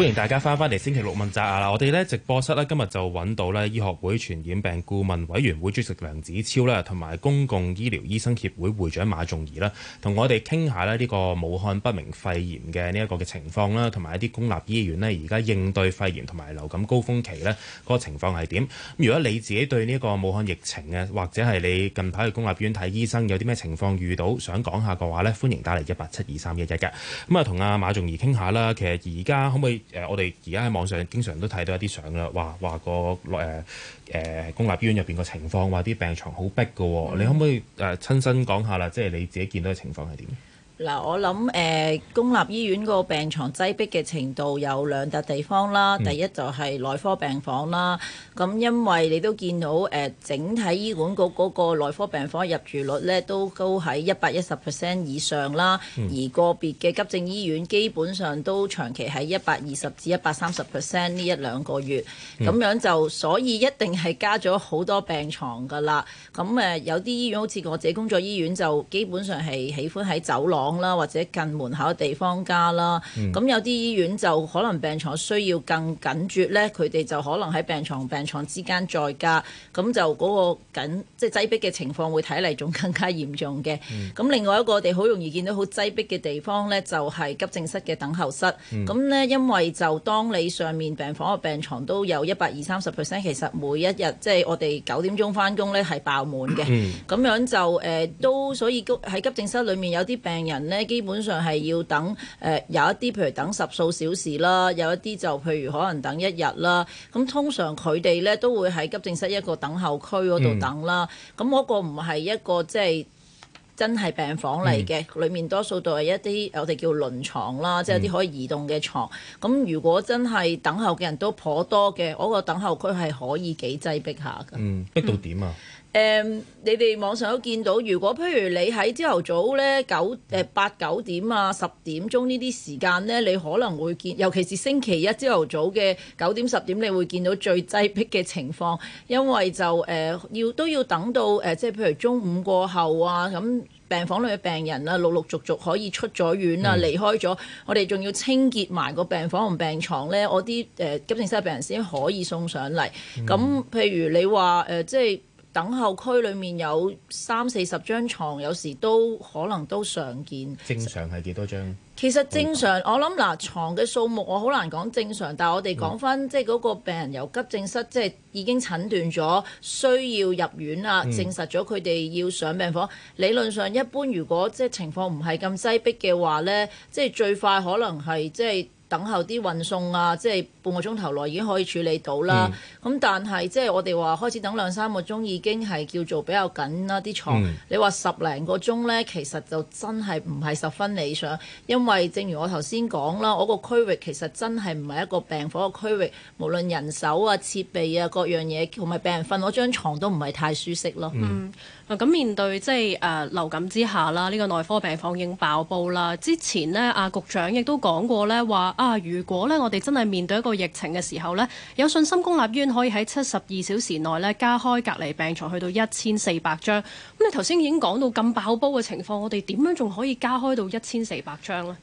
歡迎大家翻返嚟星期六問責啊！我哋呢直播室呢，今日就揾到呢醫學會傳染病顧問委員會主席梁子超啦，同埋公共醫療醫生協會會長馬仲儀啦，同我哋傾下呢呢個武漢不明肺炎嘅呢一個嘅情況啦，同埋一啲公立醫院呢而家應對肺炎同埋流感高峰期呢嗰個情況係點？如果你自己對呢個武漢疫情呀，或者係你近排去公立醫院睇醫生有啲咩情況遇到想講下嘅話呢，歡迎打嚟一八七二三一一嘅。咁啊，同阿馬仲儀傾下啦。其實而家可唔可以？誒、呃，我哋而家喺網上經常都睇到一啲相啦，話話、個誒誒、呃、公立醫院入邊個情況，話啲病床好逼嘅喎，嗯、你可唔可以誒、呃、親身講下啦？即係你自己見到嘅情況係點？嗱，我諗誒、呃、公立醫院個病床擠迫嘅程度有兩笪地方啦。嗯、第一就係內科病房啦。咁因為你都見到誒、呃、整體醫管局嗰個內科病房入住率咧都高喺一百一十 percent 以上啦。嗯、而個別嘅急症醫院基本上都長期喺一百二十至一百三十 percent 呢一兩個月。咁、嗯、樣就所以一定係加咗好多病床㗎啦。咁誒、呃、有啲醫院好似我自己工作醫院就基本上係喜歡喺走廊。啦或者近門口嘅地方加啦，咁、嗯、有啲醫院就可能病床需要更緊絀咧，佢哋就可能喺病床、病床之間再加，咁就嗰個緊即係擠逼嘅情況會睇嚟仲更加嚴重嘅。咁、嗯、另外一個我哋好容易見到好擠逼嘅地方咧，就係、是、急症室嘅等候室。咁呢、嗯，因為就當你上面病房嘅病床都有一百二三十 percent，其實每一日即係我哋九點鐘翻工咧係爆滿嘅，咁、嗯、樣就誒都、呃、所以喺急症室裡面有啲病人。咧基本上係要等誒、呃、有一啲，譬如等十數小時啦；有一啲就譬如可能等一日啦。咁通常佢哋咧都會喺急症室一個等候區嗰度等啦。咁嗰、嗯、個唔係一個即係真係病房嚟嘅，嗯、裡面多數都係一啲我哋叫輪床啦，即係啲可以移動嘅床。咁、嗯、如果真係等候嘅人都頗多嘅，嗰、嗰個等候區係可以幾擠逼下㗎。嗯，逼到點啊？嗯誒、嗯，你哋網上都見到，如果譬如你喺朝頭早咧九誒八九點啊十點鐘呢啲時間咧，你可能會見，尤其是星期一朝頭早嘅九點十點，你會見到最擠迫嘅情況，因為就誒要、呃、都要等到誒，即、呃、係譬如中午過後啊，咁病房裏嘅病人啊陸陸續續可以出咗院啊、嗯、離開咗，我哋仲要清潔埋個病房同病床咧，我啲誒急症室嘅病人先可以送上嚟。咁、嗯、譬如你話誒、呃，即係。等候區裡面有三四十張床，有時都可能都常見。正常係幾多張？其實正常、嗯、我諗嗱床嘅數目我好難講正常，但係我哋講翻即係嗰個病人由急症室即係已經診斷咗需要入院啦，證實咗佢哋要上病房。嗯、理論上一般如果即係情況唔係咁擠迫嘅話呢，即係最快可能係即係。等候啲運送啊，即係半個鐘頭內已經可以處理到啦。咁、嗯、但係即係我哋話開始等兩三個鐘已經係叫做比較緊啦。啲床。嗯、你話十零個鐘呢，其實就真係唔係十分理想，因為正如我頭先講啦，我個區域其實真係唔係一個病房嘅區域，無論人手啊、設備啊各樣嘢，同埋病人瞓我張牀都唔係太舒適咯。嗯嗯咁面對，即係誒流感之下啦，呢個內科病房已經爆煲啦。之前呢，阿局長亦都講過呢，話啊，如果呢，我哋真係面對一個疫情嘅時候呢，有信心公立醫院可以喺七十二小時內呢，加開隔離病床去到一千四百張。咁你頭先已經講到咁爆煲嘅情況，我哋點樣仲可以加開到一千四百張呢？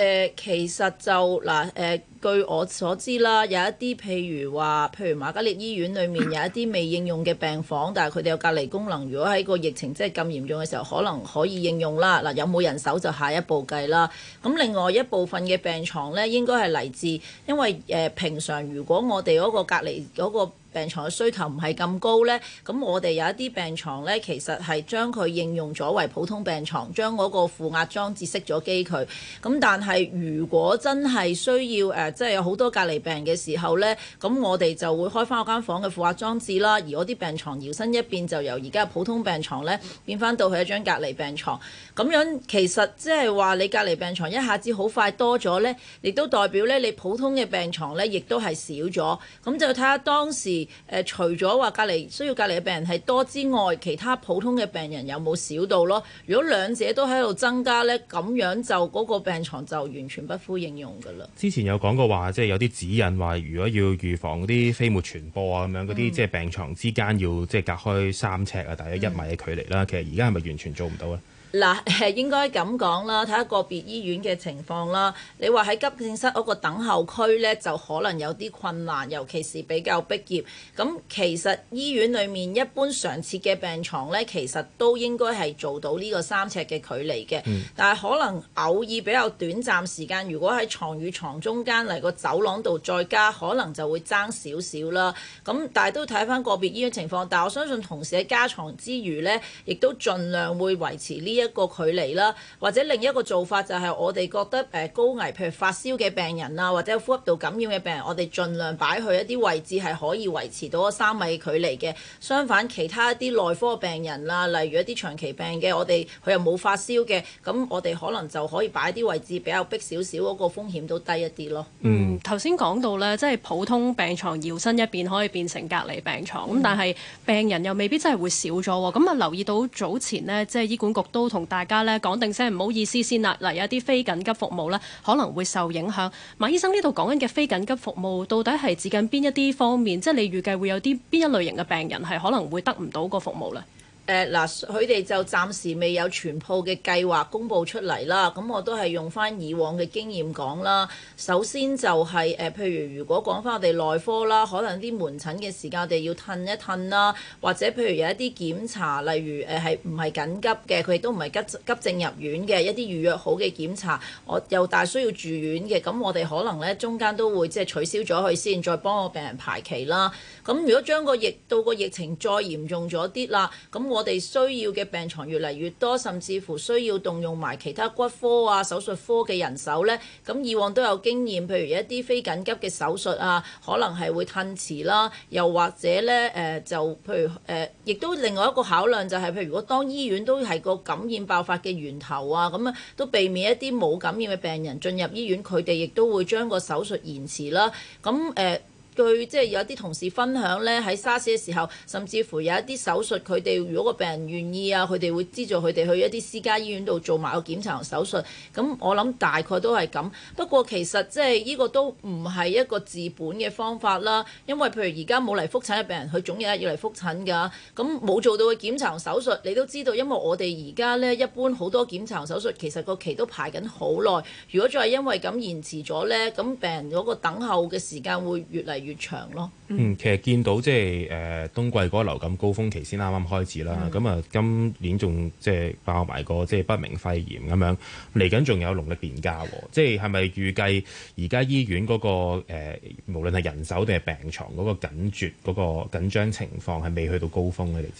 誒、呃、其實就嗱誒、呃呃，據我所知啦，有一啲譬如話，譬如瑪嘉烈醫院裏面有一啲未應用嘅病房，但係佢哋有隔離功能。如果喺個疫情即係咁嚴重嘅時候，可能可以應用啦。嗱、呃，有冇人手就下一步計啦。咁另外一部分嘅病床呢，應該係嚟自因為誒、呃、平常如果我哋嗰個隔離嗰個病床嘅需求唔係咁高咧，咁我哋有一啲病床咧，其實係將佢應用咗為普通病床，將嗰個負壓裝置熄咗機佢。咁但係如果真係需要誒即係有好多隔離病人嘅時候咧，咁我哋就會開翻嗰間房嘅負壓裝置啦。而嗰啲病床搖身一變就由而家普通病床咧，變翻到去一張隔離病床，咁樣其實即係話你隔離病床一下子好快多咗咧，亦都代表咧，你普通嘅病床咧亦都係少咗。咁就睇下當時。呃、除咗話隔離需要隔離嘅病人係多之外，其他普通嘅病人有冇少到咯？如果兩者都喺度增加呢，咁樣就嗰個病床就完全不敷應用㗎啦。之前有講過話，即係有啲指引話，如果要預防嗰啲飛沫傳播啊，咁樣嗰啲即係病床之間要即係隔開三尺啊，大約一米嘅距離啦。嗯、其實而家係咪完全做唔到啊？嗱，應該咁講啦，睇下個別醫院嘅情況啦。你話喺急症室嗰個等候區呢，就可能有啲困難，尤其是比較逼業。咁其實醫院裏面一般常設嘅病床呢，其實都應該係做到呢個三尺嘅距離嘅。嗯、但係可能偶爾比較短暫時間，如果喺床與床中間嚟個走廊度再加，可能就會爭少少啦。咁但係都睇返個別醫院情況，但我相信同時喺加床之餘呢，亦都盡量會維持呢，一個距離啦，或者另一個做法就係我哋覺得誒高危，譬如發燒嘅病人啊，或者呼吸道感染嘅病人，我哋盡量擺去一啲位置係可以維持到三米距離嘅。相反，其他一啲內科病人啦，例如一啲長期病嘅，我哋佢又冇發燒嘅，咁我哋可能就可以擺啲位置比較逼少少，嗰個風險都低一啲咯。嗯，頭先講到呢，即係普通病床搖身一變可以變成隔離病床，咁但係病人又未必真係會少咗。咁啊留意到早前呢，即係醫管局都。同大家咧講定聲，唔好意思先啦。嗱， 有啲非緊急服務咧，可能會受影響。馬醫生呢度講緊嘅非緊急服務，到底係指緊邊一啲方面？即係你預計會有啲邊一類型嘅病人係可能會得唔到個服務呢？ 誒嗱，佢哋就暫時未有全盤嘅計劃公佈出嚟啦。咁我都係用翻以往嘅經驗講啦。首先就係、是、誒，譬如如果講翻我哋內科啦，可能啲門診嘅時間我哋要褪一褪啦，或者譬如有一啲檢查，例如誒係唔係緊急嘅，佢亦都唔係急急症入院嘅一啲預約好嘅檢查，我又大需要住院嘅，咁我哋可能呢，中間都會即係、就是、取消咗佢先，再幫我病人排期啦。咁如果將個疫到個疫情再嚴重咗啲啦，咁我我哋需要嘅病床越嚟越多，甚至乎需要動用埋其他骨科啊、手術科嘅人手呢。咁以往都有經驗，譬如一啲非緊急嘅手術啊，可能係會褪遲啦，又或者呢，誒、呃，就譬如誒，亦、呃、都另外一個考量就係、是，譬如如果當醫院都係個感染爆發嘅源頭啊，咁啊都避免一啲冇感染嘅病人進入醫院，佢哋亦都會將個手術延遲啦。咁誒。呃佢即係有啲同事分享咧，喺沙士嘅時候，甚至乎有一啲手術，佢哋如果個病人願意啊，佢哋會資助佢哋去一啲私家醫院度做埋個檢查同手術，咁我諗大概都係咁。不過其實即係呢個都唔係一個治本嘅方法啦，因為譬如而家冇嚟複診嘅病人，佢總有一日要嚟複診噶，咁冇做到嘅檢查同手術你都知道，因為我哋而家咧一般好多檢查同手術其實個期都排緊好耐。如果再係因為咁延遲咗咧，咁病人嗰個等候嘅時間會越嚟越。越咯，嗯，其實見到即係誒、呃、冬季嗰流感高峰期先啱啱開始啦，咁啊、嗯、今年仲即係爆埋個即係不明肺炎咁樣，嚟緊仲有農曆年假，哦、即係係咪預計而家醫院嗰、那個誒、呃，無論係人手定係病床嗰個緊絀嗰、那個緊張情況係未去到高峰咧？你哋？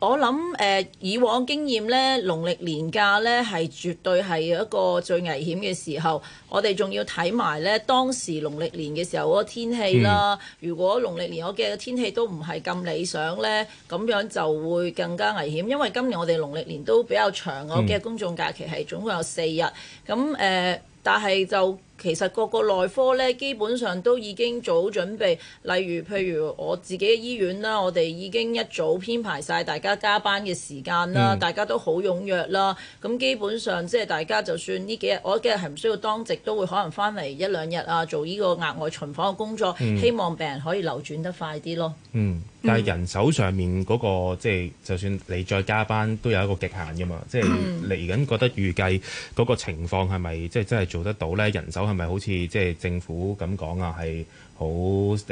我諗誒、呃，以往經驗咧，農曆年假咧係絕對係一個最危險嘅時候。我哋仲要睇埋咧，當時農曆年嘅時候嗰個天氣啦。嗯、如果農曆年我嘅天氣都唔係咁理想咧，咁樣就會更加危險。因為今年我哋農曆年都比較長，我嘅公眾假期係總共有四日。咁誒、嗯呃，但係就其實個個內科呢，基本上都已經做好準備。例如，譬如我自己嘅醫院啦，我哋已經一早編排晒大家加班嘅時間啦，嗯、大家都好踴躍啦。咁基本上即係大家就算呢幾日，我幾日係唔需要當值，都會可能翻嚟一兩日啊，做呢個額外巡房嘅工作。嗯、希望病人可以流轉得快啲咯。嗯，但係人手上面嗰、那個即係，就是、就算你再加班，都有一個極限噶嘛。即係你嚟緊覺得預計嗰個情況係咪即係真係做得到呢？人手係咪好似即係政府咁講啊？係好誒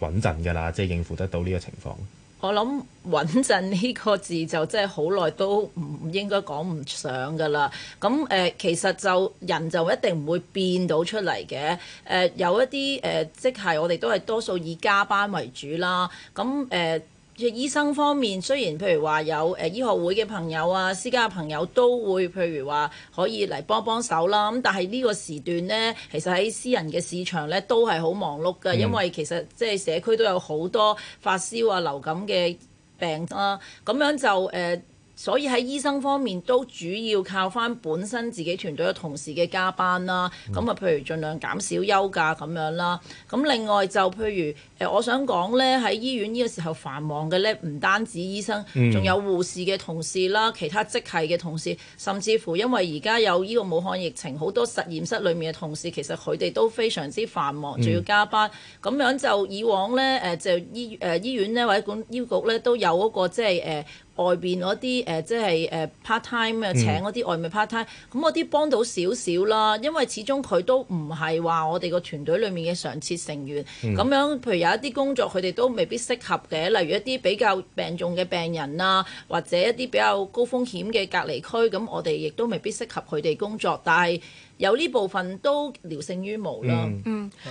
穩陣嘅啦，即係應付得到呢個情況。我諗穩陣呢個字就真係好耐都唔應該講唔上嘅啦。咁誒、呃，其實就人就一定唔會變到出嚟嘅。誒、呃，有一啲誒、呃，即係我哋都係多數以加班為主啦。咁誒。呃醫生方面雖然譬如話有誒、呃、醫學會嘅朋友啊、私家嘅朋友都會譬如話可以嚟幫幫手啦，咁但係呢個時段呢，其實喺私人嘅市場呢都係好忙碌㗎，嗯、因為其實即係社區都有好多發燒啊、流感嘅病啦、啊。咁樣就誒。呃所以喺醫生方面都主要靠返本身自己團隊嘅同事嘅加班啦。咁啊，譬如盡量減少休假咁樣啦。咁另外就譬如誒、呃，我想講呢，喺醫院呢個時候繁忙嘅呢，唔單止醫生，仲有護士嘅同事啦，其他職系嘅同事，甚至乎因為而家有呢個武漢疫情，好多實驗室裡面嘅同事其實佢哋都非常之繁忙，仲要加班。咁樣就以往呢，誒、呃，就醫誒、呃、醫院呢，或者醫管局呢，都有一個即係誒。呃外邊嗰啲誒，即係誒 part time 啊，請嗰啲外面 part time，咁嗰啲幫到少少啦。因為始終佢都唔係話我哋個團隊裡面嘅常設成員，咁、嗯、樣譬如有一啲工作佢哋都未必適合嘅，例如一啲比較病重嘅病人啊，或者一啲比較高風險嘅隔離區，咁我哋亦都未必適合佢哋工作。但係有呢部分都聊勝於無啦。嗯。嗯啊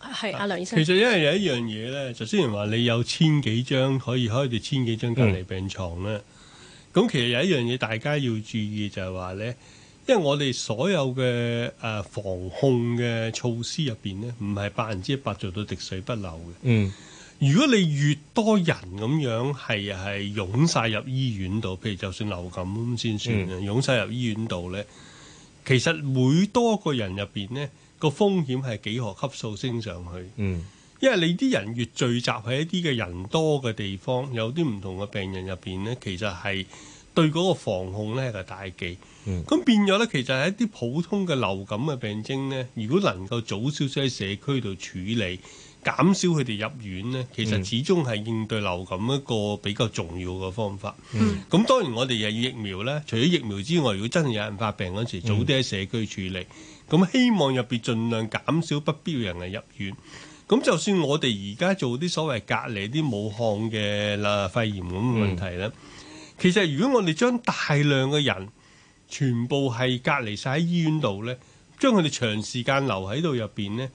係阿、啊、梁醫生，其實因為有一樣嘢咧，就雖然話你有千幾張可以開住千幾張隔離病床咧，咁、mm. 其實有一樣嘢大家要注意就係話咧，因為我哋所有嘅誒、啊、防控嘅措施入邊咧，唔係百分之一百做到滴水不漏嘅。嗯，mm. 如果你越多人咁樣係係湧晒入醫院度，譬如就算流感咁先算啊，湧晒、mm. 入醫院度咧，其實每多個人入邊咧。個風險係幾何級數升上去，嗯、因為你啲人越聚集喺一啲嘅人多嘅地方，有啲唔同嘅病人入邊呢，其實係對嗰個防控呢係個大忌。咁、嗯、變咗呢，其實係一啲普通嘅流感嘅病徵呢。如果能夠早少少喺社區度處理，減少佢哋入院呢，其實始終係應對流感一個比較重要嘅方法。咁、嗯、當然我哋又要疫苗呢，除咗疫苗之外，如果真係有人發病嗰陣時，早啲喺社區處理。咁希望入邊盡量減少不必要人嘅入院。咁就算我哋而家做啲所謂隔離啲武漢嘅嗱肺炎咁嘅問題咧，嗯、其實如果我哋將大量嘅人全部係隔離晒喺醫院度咧，將佢哋長時間留喺度入邊咧，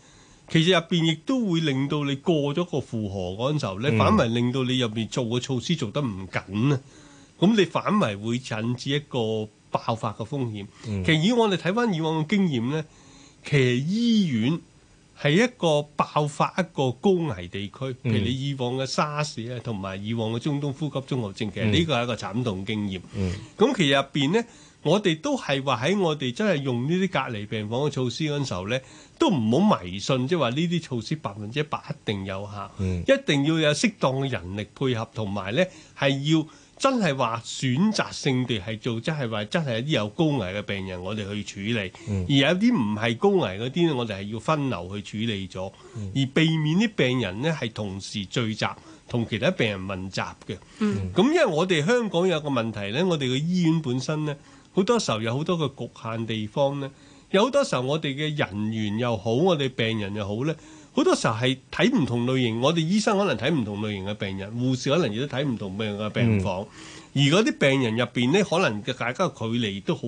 其實入邊亦都會令到你過咗個負荷嗰陣時候，你、嗯、反為令到你入邊做嘅措施做得唔緊啊，咁你反為會引致一個。爆發嘅風險，其實以我哋睇翻以往嘅經驗咧，其實醫院係一個爆發一個高危地區，嗯、譬如你以往嘅沙士呀同埋以往嘅中東呼吸綜合症，其實呢個係一個慘痛經驗。咁、嗯、其實入邊呢，我哋都係話喺我哋真係用呢啲隔離病房嘅措施嗰陣時候咧，都唔好迷信，即係話呢啲措施百分之一百一定有效，嗯、一定要有適當嘅人力配合，同埋咧係要。真係話選擇性地係做，即係話真係有啲有高危嘅病人，我哋去處理；嗯、而有啲唔係高危嗰啲咧，我哋係要分流去處理咗，嗯、而避免啲病人呢係同時聚集同其他病人混雜嘅。咁、嗯嗯、因為我哋香港有個問題呢，我哋嘅醫院本身呢，好多時候有好多個局限地方呢，有好多時候我哋嘅人員又好，我哋病人又好呢。好多時候係睇唔同類型，我哋醫生可能睇唔同類型嘅病人，護士可能亦都睇唔同病嘅病房。嗯、而嗰啲病人入邊呢，可能嘅大家距離都好，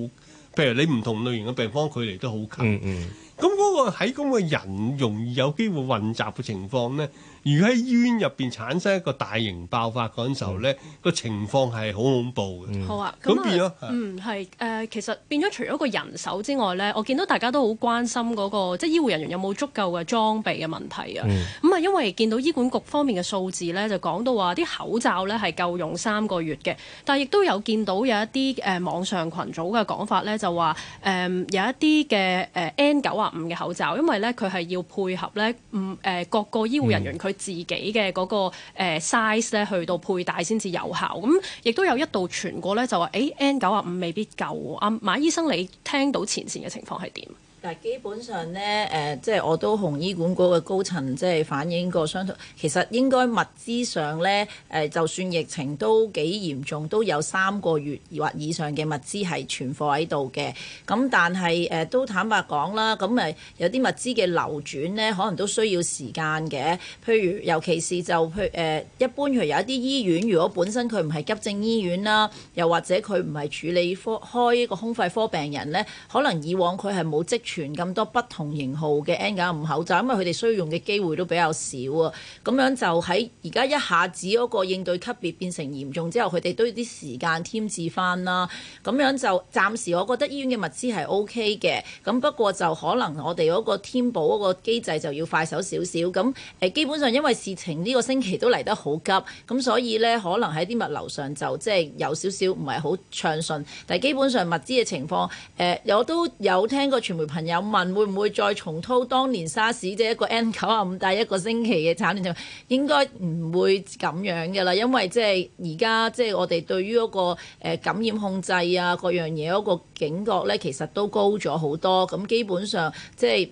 譬如你唔同類型嘅病房距離都好近。咁嗰、嗯嗯、個喺咁嘅人容易有機會混雜嘅情況呢。而喺醫院入邊產生一個大型爆發嗰陣時候呢個、嗯、情況係好恐怖嘅。好啊，咁變咗，嗯，係，誒，其實變咗除咗個人手之外呢，我見到大家都好關心嗰、嗰個即係醫護人員有冇足夠嘅裝備嘅問題啊。咁啊、嗯，因為見到醫管局方面嘅數字呢就講到話啲口罩呢係夠用三個月嘅，但係亦都有見到有一啲誒、呃、網上群組嘅講法呢就話誒、呃、有一啲嘅、呃、N 九啊五嘅口罩，因為呢佢係要配合呢嗯、呃、各個醫護人員佢。自己嘅嗰個 size 咧，去到佩戴先至有效。咁亦都有一度傳過咧，就話誒、欸、N95 未必夠啊。阿馬醫生，你聽到前線嘅情況係點？嗱，但基本上呢，誒即係我都同醫管局嘅高層即係反映過相同。其實應該物資上咧，誒、呃、就算疫情都幾嚴重，都有三個月或以上嘅物資係存貨喺度嘅。咁但係誒、呃、都坦白講啦，咁誒有啲物資嘅流轉咧，可能都需要時間嘅。譬如，尤其是就譬如誒、呃，一般譬如有一啲醫院，如果本身佢唔係急症醫院啦，又或者佢唔係處理科開一個胸肺科病人咧，可能以往佢係冇積。存咁多不同型號嘅 N 九五口罩，因為佢哋需要用嘅機會都比較少啊。咁樣就喺而家一下子嗰個應對級別變成嚴重之後，佢哋都要啲時間添置返啦。咁樣就暫時我覺得醫院嘅物資係 OK 嘅。咁不過就可能我哋嗰個添補嗰個機制就要快手少少。咁誒基本上因為事情呢、這個星期都嚟得好急，咁所以呢，可能喺啲物流上就即係、就是、有少少唔係好暢順。但係基本上物資嘅情況，誒、欸、我都有聽過傳媒朋。有問，會唔會再重蹈當年沙士？即係一個 N 九啊五大一個星期嘅產量就，應該唔會咁樣嘅啦，因為即係而家即係我哋對於嗰個誒感染控制啊各樣嘢嗰個警覺呢，其實都高咗好多，咁基本上即係。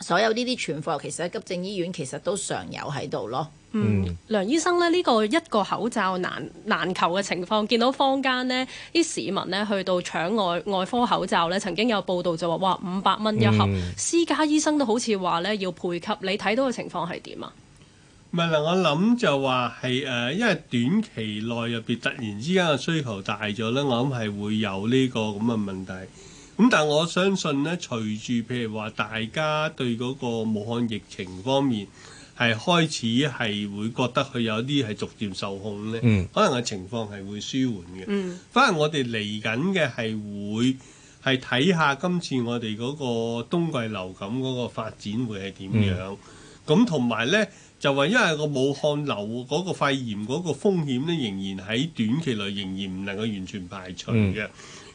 所有呢啲存貨，其實喺急症醫院其實都常有喺度咯。嗯，梁醫生呢，呢、呢個一個口罩難難求嘅情況，見到坊間呢啲市民咧去到搶外外科口罩咧，曾經有報道就話哇五百蚊一盒，嗯、私家醫生都好似話咧要配給，你睇到嘅情況係點啊？唔係嗱，我諗就話係誒，因為短期內入邊突然之間嘅需求大咗呢，我諗係會有呢個咁嘅問題。咁但係我相信咧，隨住譬如話大家對嗰個武漢疫情方面係開始係會覺得佢有啲係逐漸受控咧，嗯、可能嘅情況係會舒緩嘅。嗯、反而我哋嚟緊嘅係會係睇下今次我哋嗰個冬季流感嗰個發展會係點樣。咁同埋咧就話，因為個武漢流嗰個肺炎嗰個風險咧，仍然喺短期內仍然唔能夠完全排除嘅。嗯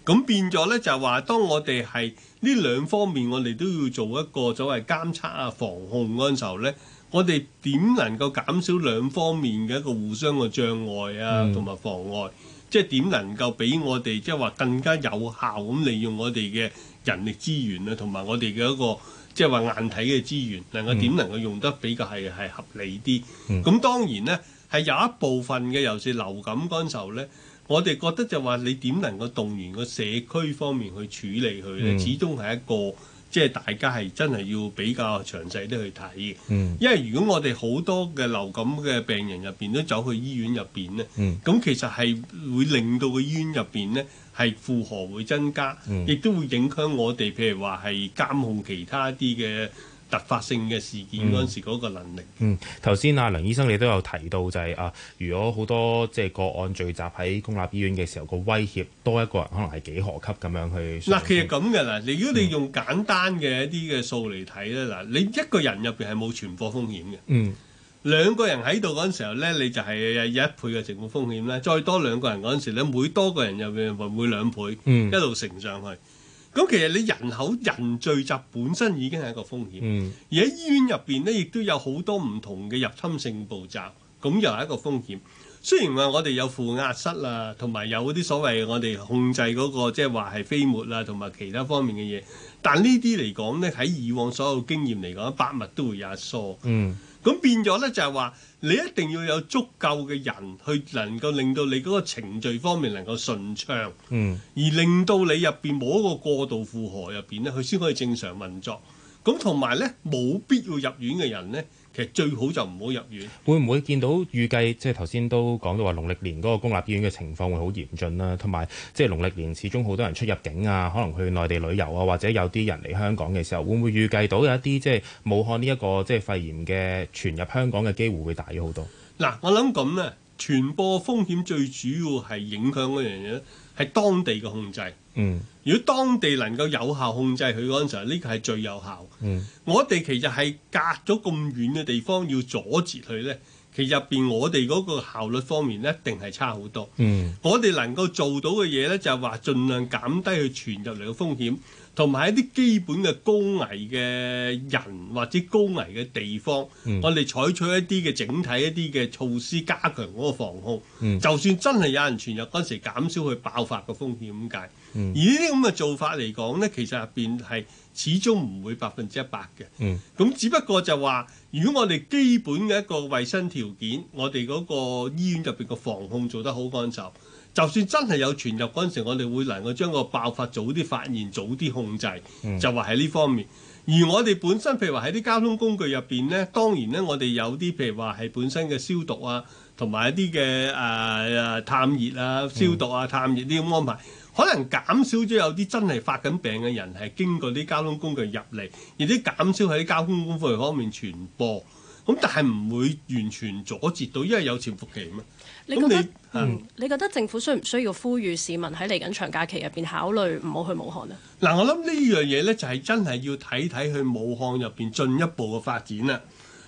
咁變咗咧，就係話當我哋係呢兩方面，我哋都要做一個所謂監測啊、防控嗰陣時候咧，我哋點能夠減少兩方面嘅一個互相嘅障礙啊，同埋妨礙，嗯、即係點能夠俾我哋即係話更加有效咁利用我哋嘅人力資源啊，同埋我哋嘅一個即係話硬體嘅資源，能夠點能夠用得比較係係、嗯、是合理啲？咁當然咧，係有一部分嘅尤其是流感嗰陣時候咧。我哋覺得就話你點能夠動員個社區方面去處理佢呢？嗯、始終係一個即係、就是、大家係真係要比較詳細啲去睇嘅。嗯、因為如果我哋好多嘅流感嘅病人入邊都走去醫院入邊呢，咁、嗯、其實係會令到個醫院入邊呢係負荷會增加，亦、嗯、都會影響我哋譬如話係監控其他啲嘅突發性嘅事件嗰陣時嗰個能力，嗯，頭先阿梁醫生你都有提到就係、是、啊，如果好多即係、就是、個案聚集喺公立醫院嘅時候個威脅多一個人可能係幾何級咁樣去，嗱、啊、其實咁㗎嗱，如果你用簡單嘅一啲嘅數嚟睇咧，嗱、嗯、你一個人入邊係冇傳播風險嘅，嗯，兩個人喺度嗰陣時候咧你就係有一倍嘅傳播風險咧，再多兩個人嗰陣時咧每多個人入邊會兩倍，嗯、一路乘上去。咁其實你人口人聚集本身已經係一個風險，嗯、而喺醫院入邊呢，亦都有好多唔同嘅入侵性步驟，咁又係一個風險。雖然話我哋有負壓室啊，同埋有啲所謂我哋控制嗰、嗰個即係話係飛沫啊，同埋其他方面嘅嘢，但呢啲嚟講呢，喺以往所有經驗嚟講，百密都會有一疏。嗯咁變咗咧就係話，你一定要有足夠嘅人去能夠令到你嗰個程序方面能夠順暢，嗯，而令到你入邊冇一個過度負荷入邊咧，佢先可以正常運作。咁同埋咧，冇必要入院嘅人咧。其實最好就唔好入院。會唔會見到預計？即係頭先都講到話，農曆年嗰個公立醫院嘅情況會好嚴峻啦，啊，同埋即係農曆年始終好多人出入境啊，可能去內地旅遊啊，或者有啲人嚟香港嘅時候，會唔會預計到有一啲即係武漢呢、這、一個即係肺炎嘅傳入香港嘅機會會大咗好多？嗱，我諗咁呢傳播風險最主要係影響嗰樣嘢咧，係當地嘅控制。嗯，如果當地能夠有效控制佢嗰陣時，呢個係最有效。嗯，我哋其實係隔咗咁遠嘅地方要阻截佢咧，其實入邊我哋嗰個效率方面一定係差好多。嗯，我哋能夠做到嘅嘢咧，就係話盡量減低佢傳入嚟嘅風險。同埋一啲基本嘅高危嘅人或者高危嘅地方，嗯、我哋採取一啲嘅整體一啲嘅措施加強嗰個防控。嗯、就算真係有人傳入嗰陣時減少佢爆發嘅風險。咁解。嗯、而呢啲咁嘅做法嚟講咧，其實入邊係始終唔會百分之一百嘅。咁、嗯、只不過就話，如果我哋基本嘅一個衛生條件，我哋嗰個醫院入邊嘅防控做得好乾淨。就算真係有傳入嗰陣時，我哋會能夠將個爆發早啲發現、早啲控制，嗯、就話喺呢方面。而我哋本身譬如話喺啲交通工具入邊呢，當然呢，我哋有啲譬如話係本身嘅消毒啊，同埋一啲嘅誒誒探熱啊、消毒啊、探熱啲咁安排，嗯、可能減少咗有啲真係發緊病嘅人係經過啲交通工具入嚟，而且減少喺交通工具方面傳播。咁但係唔會完全阻截到，因為有潛伏期嘛。你覺得、嗯、你覺得政府需唔需要呼籲市民喺嚟緊長假期入邊考慮唔好去武漢啊？嗱、嗯，我諗呢樣嘢咧就係真係要睇睇去武漢入邊進一步嘅發展啦。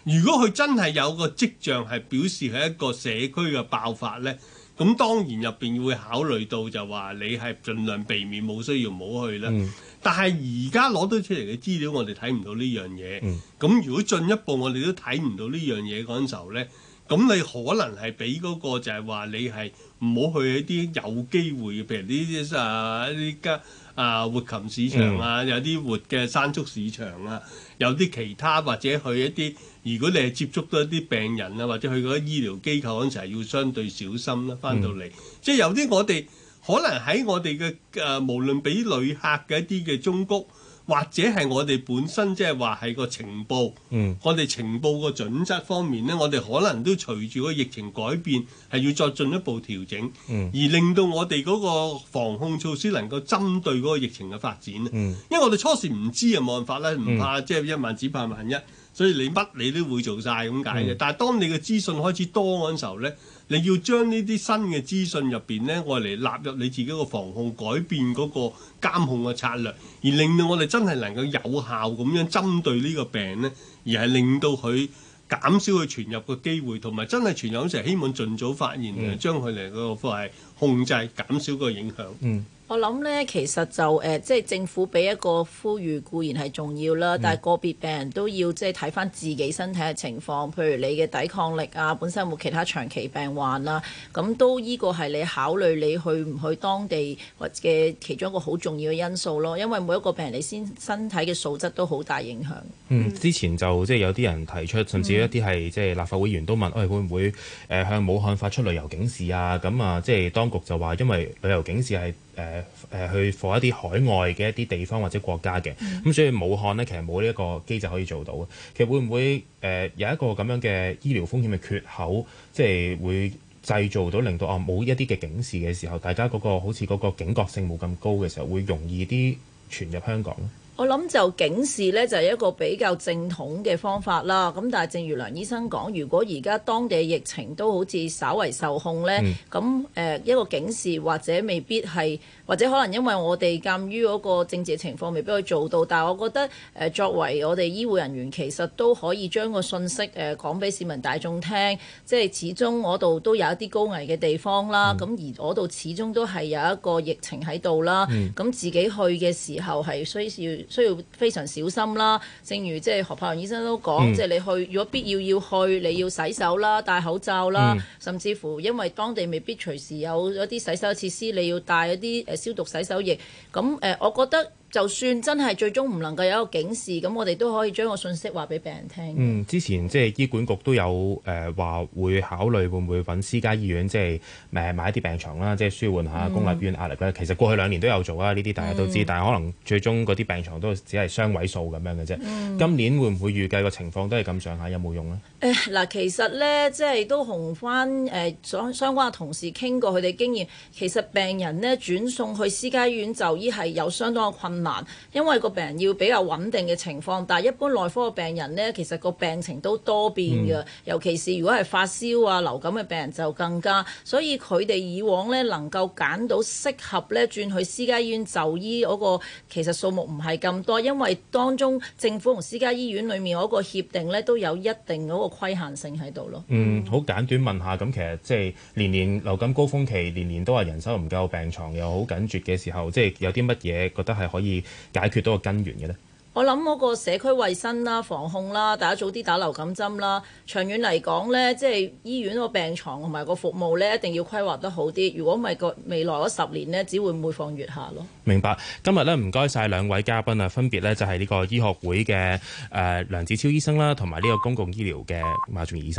如果佢真係有個跡象係表示係一個社區嘅爆發咧，咁當然入邊會考慮到就話你係盡量避免冇需要唔好去啦。嗯、但係而家攞到出嚟嘅資料，我哋睇唔到呢樣嘢。咁、嗯、如果進一步我哋都睇唔到呢樣嘢嗰陣時候咧？咁你可能係俾嗰個就係話你係唔好去一啲有機會，譬如呢啲啊一啲家啊活禽市場啊、嗯，有啲活嘅牲畜市場啊，有啲其他或者去一啲。如果你係接觸到一啲病人啊，或者去嗰啲醫療機構嗰陣時，係要相對小心啦。翻到嚟、嗯、即係有啲我哋可能喺我哋嘅誒，無論俾旅客嘅一啲嘅忠告。或者係我哋本身即係話係個情報，嗯、我哋情報個準則方面呢，我哋可能都隨住個疫情改變，係要再進一步調整，嗯、而令到我哋嗰個防控措施能夠針對嗰個疫情嘅發展。嗯、因為我哋初時唔知啊，冇辦法啦，唔怕即係、嗯、一萬，只怕萬一，所以你乜你都會做晒。咁解嘅。嗯、但係當你嘅資訊開始多嗰陣時候呢。你要將呢啲新嘅資訊入邊呢，我嚟納入你自己個防控，改變嗰個監控嘅策略，而令到我哋真係能夠有效咁樣針對呢個病呢，而係令到佢減少佢傳入嘅機會，同埋真係傳入嗰時候希望盡早發現，嚟、嗯、將佢哋個範圍控制，減少個影響。嗯。我諗呢，其實就誒，即、呃、係、就是、政府俾一個呼籲，固然係重要啦。但係個別病人都要即係睇返自己身體嘅情況，譬如你嘅抵抗力啊，本身有冇其他長期病患啊？咁都依個係你考慮你去唔去當地或嘅其中一個好重要嘅因素咯。因為每一個病人，你先身體嘅素質都好大影響。嗯，之前就即係有啲人提出，甚至一啲係即係立法會議員都問，誒、嗯哎、會唔會誒向武漢發出旅遊警示啊？咁、嗯、啊，即係當局就話，因為旅遊警示係。誒誒、呃呃、去放一啲海外嘅一啲地方或者國家嘅，咁、mm. 嗯、所以武漢呢，其實冇呢一個機制可以做到嘅。其實會唔會誒、呃、有一個咁樣嘅醫療風險嘅缺口，即係會製造到令到啊冇、哦、一啲嘅警示嘅時候，大家嗰、嗰個好似嗰個警覺性冇咁高嘅時候，會容易啲傳入香港咧？我諗就警示呢，就係、是、一個比較正統嘅方法啦。咁但係正如梁醫生講，如果而家當地疫情都好似稍為受控呢，咁誒、嗯呃、一個警示或者未必係。或者可能因為我哋鑒於嗰個政治情況未必可以做到。但係我覺得，誒、呃、作為我哋醫護人員其實都可以將個信息誒講俾市民大眾聽，即係始終我度都有一啲高危嘅地方啦。咁、嗯、而我度始終都係有一個疫情喺度啦。咁、嗯、自己去嘅時候係需要需要非常小心啦。正如即係何柏良醫生都講，嗯、即係你去，如果必要要去，你要洗手啦，戴口罩啦，嗯、甚至乎因為當地未必隨時有一啲洗手設施，你要戴一啲誒消毒洗手液，咁誒，我覺得。就算真係最終唔能夠有一個警示，咁我哋都可以將個信息話俾病人聽。嗯，之前即係醫管局都有誒話、呃、會考慮會唔會揾私家醫院即係誒買一啲病床啦，即係舒緩下公立醫院壓力咧。嗯、其實過去兩年都有做啊，呢啲大家都知，嗯、但係可能最終嗰啲病床都只係雙位數咁樣嘅啫。嗯、今年會唔會預計個情況都係咁上下，有冇用呢？誒嗱、哎呃，其實咧即係都同翻誒，相相關嘅同事傾過佢哋經驗，其實病人咧轉送去私家醫院就醫係有相當嘅困，困難。因為個病人要比較穩定嘅情況，但係一般內科嘅病人咧，其實個病情都多變嘅，嗯、尤其是如果係發燒啊、流感嘅病人就更加。所以佢哋以往咧能夠揀到適合咧轉去私家醫院就醫嗰個其實數目唔係咁多，因為當中政府同私家醫院裏面嗰個協定咧都有一定嗰個規限性喺度咯。嗯，好簡短問下，咁其實即係年年流感高峰期，年年都話人手唔夠，病床又好緊絕嘅時候，即係有啲乜嘢覺得係可以？以解決到個根源嘅咧，我諗嗰個社區衛生啦、防控啦，大家早啲打流感針啦。長遠嚟講咧，即係醫院個病床同埋個服務咧，一定要規劃得好啲。如果唔係個未來嗰十年咧，只會每況愈下咯。明白，今日咧唔該晒兩位嘉賓啊，分別咧就係、是、呢個醫學會嘅誒、呃、梁子超醫生啦，同埋呢個公共醫療嘅馬仲儀。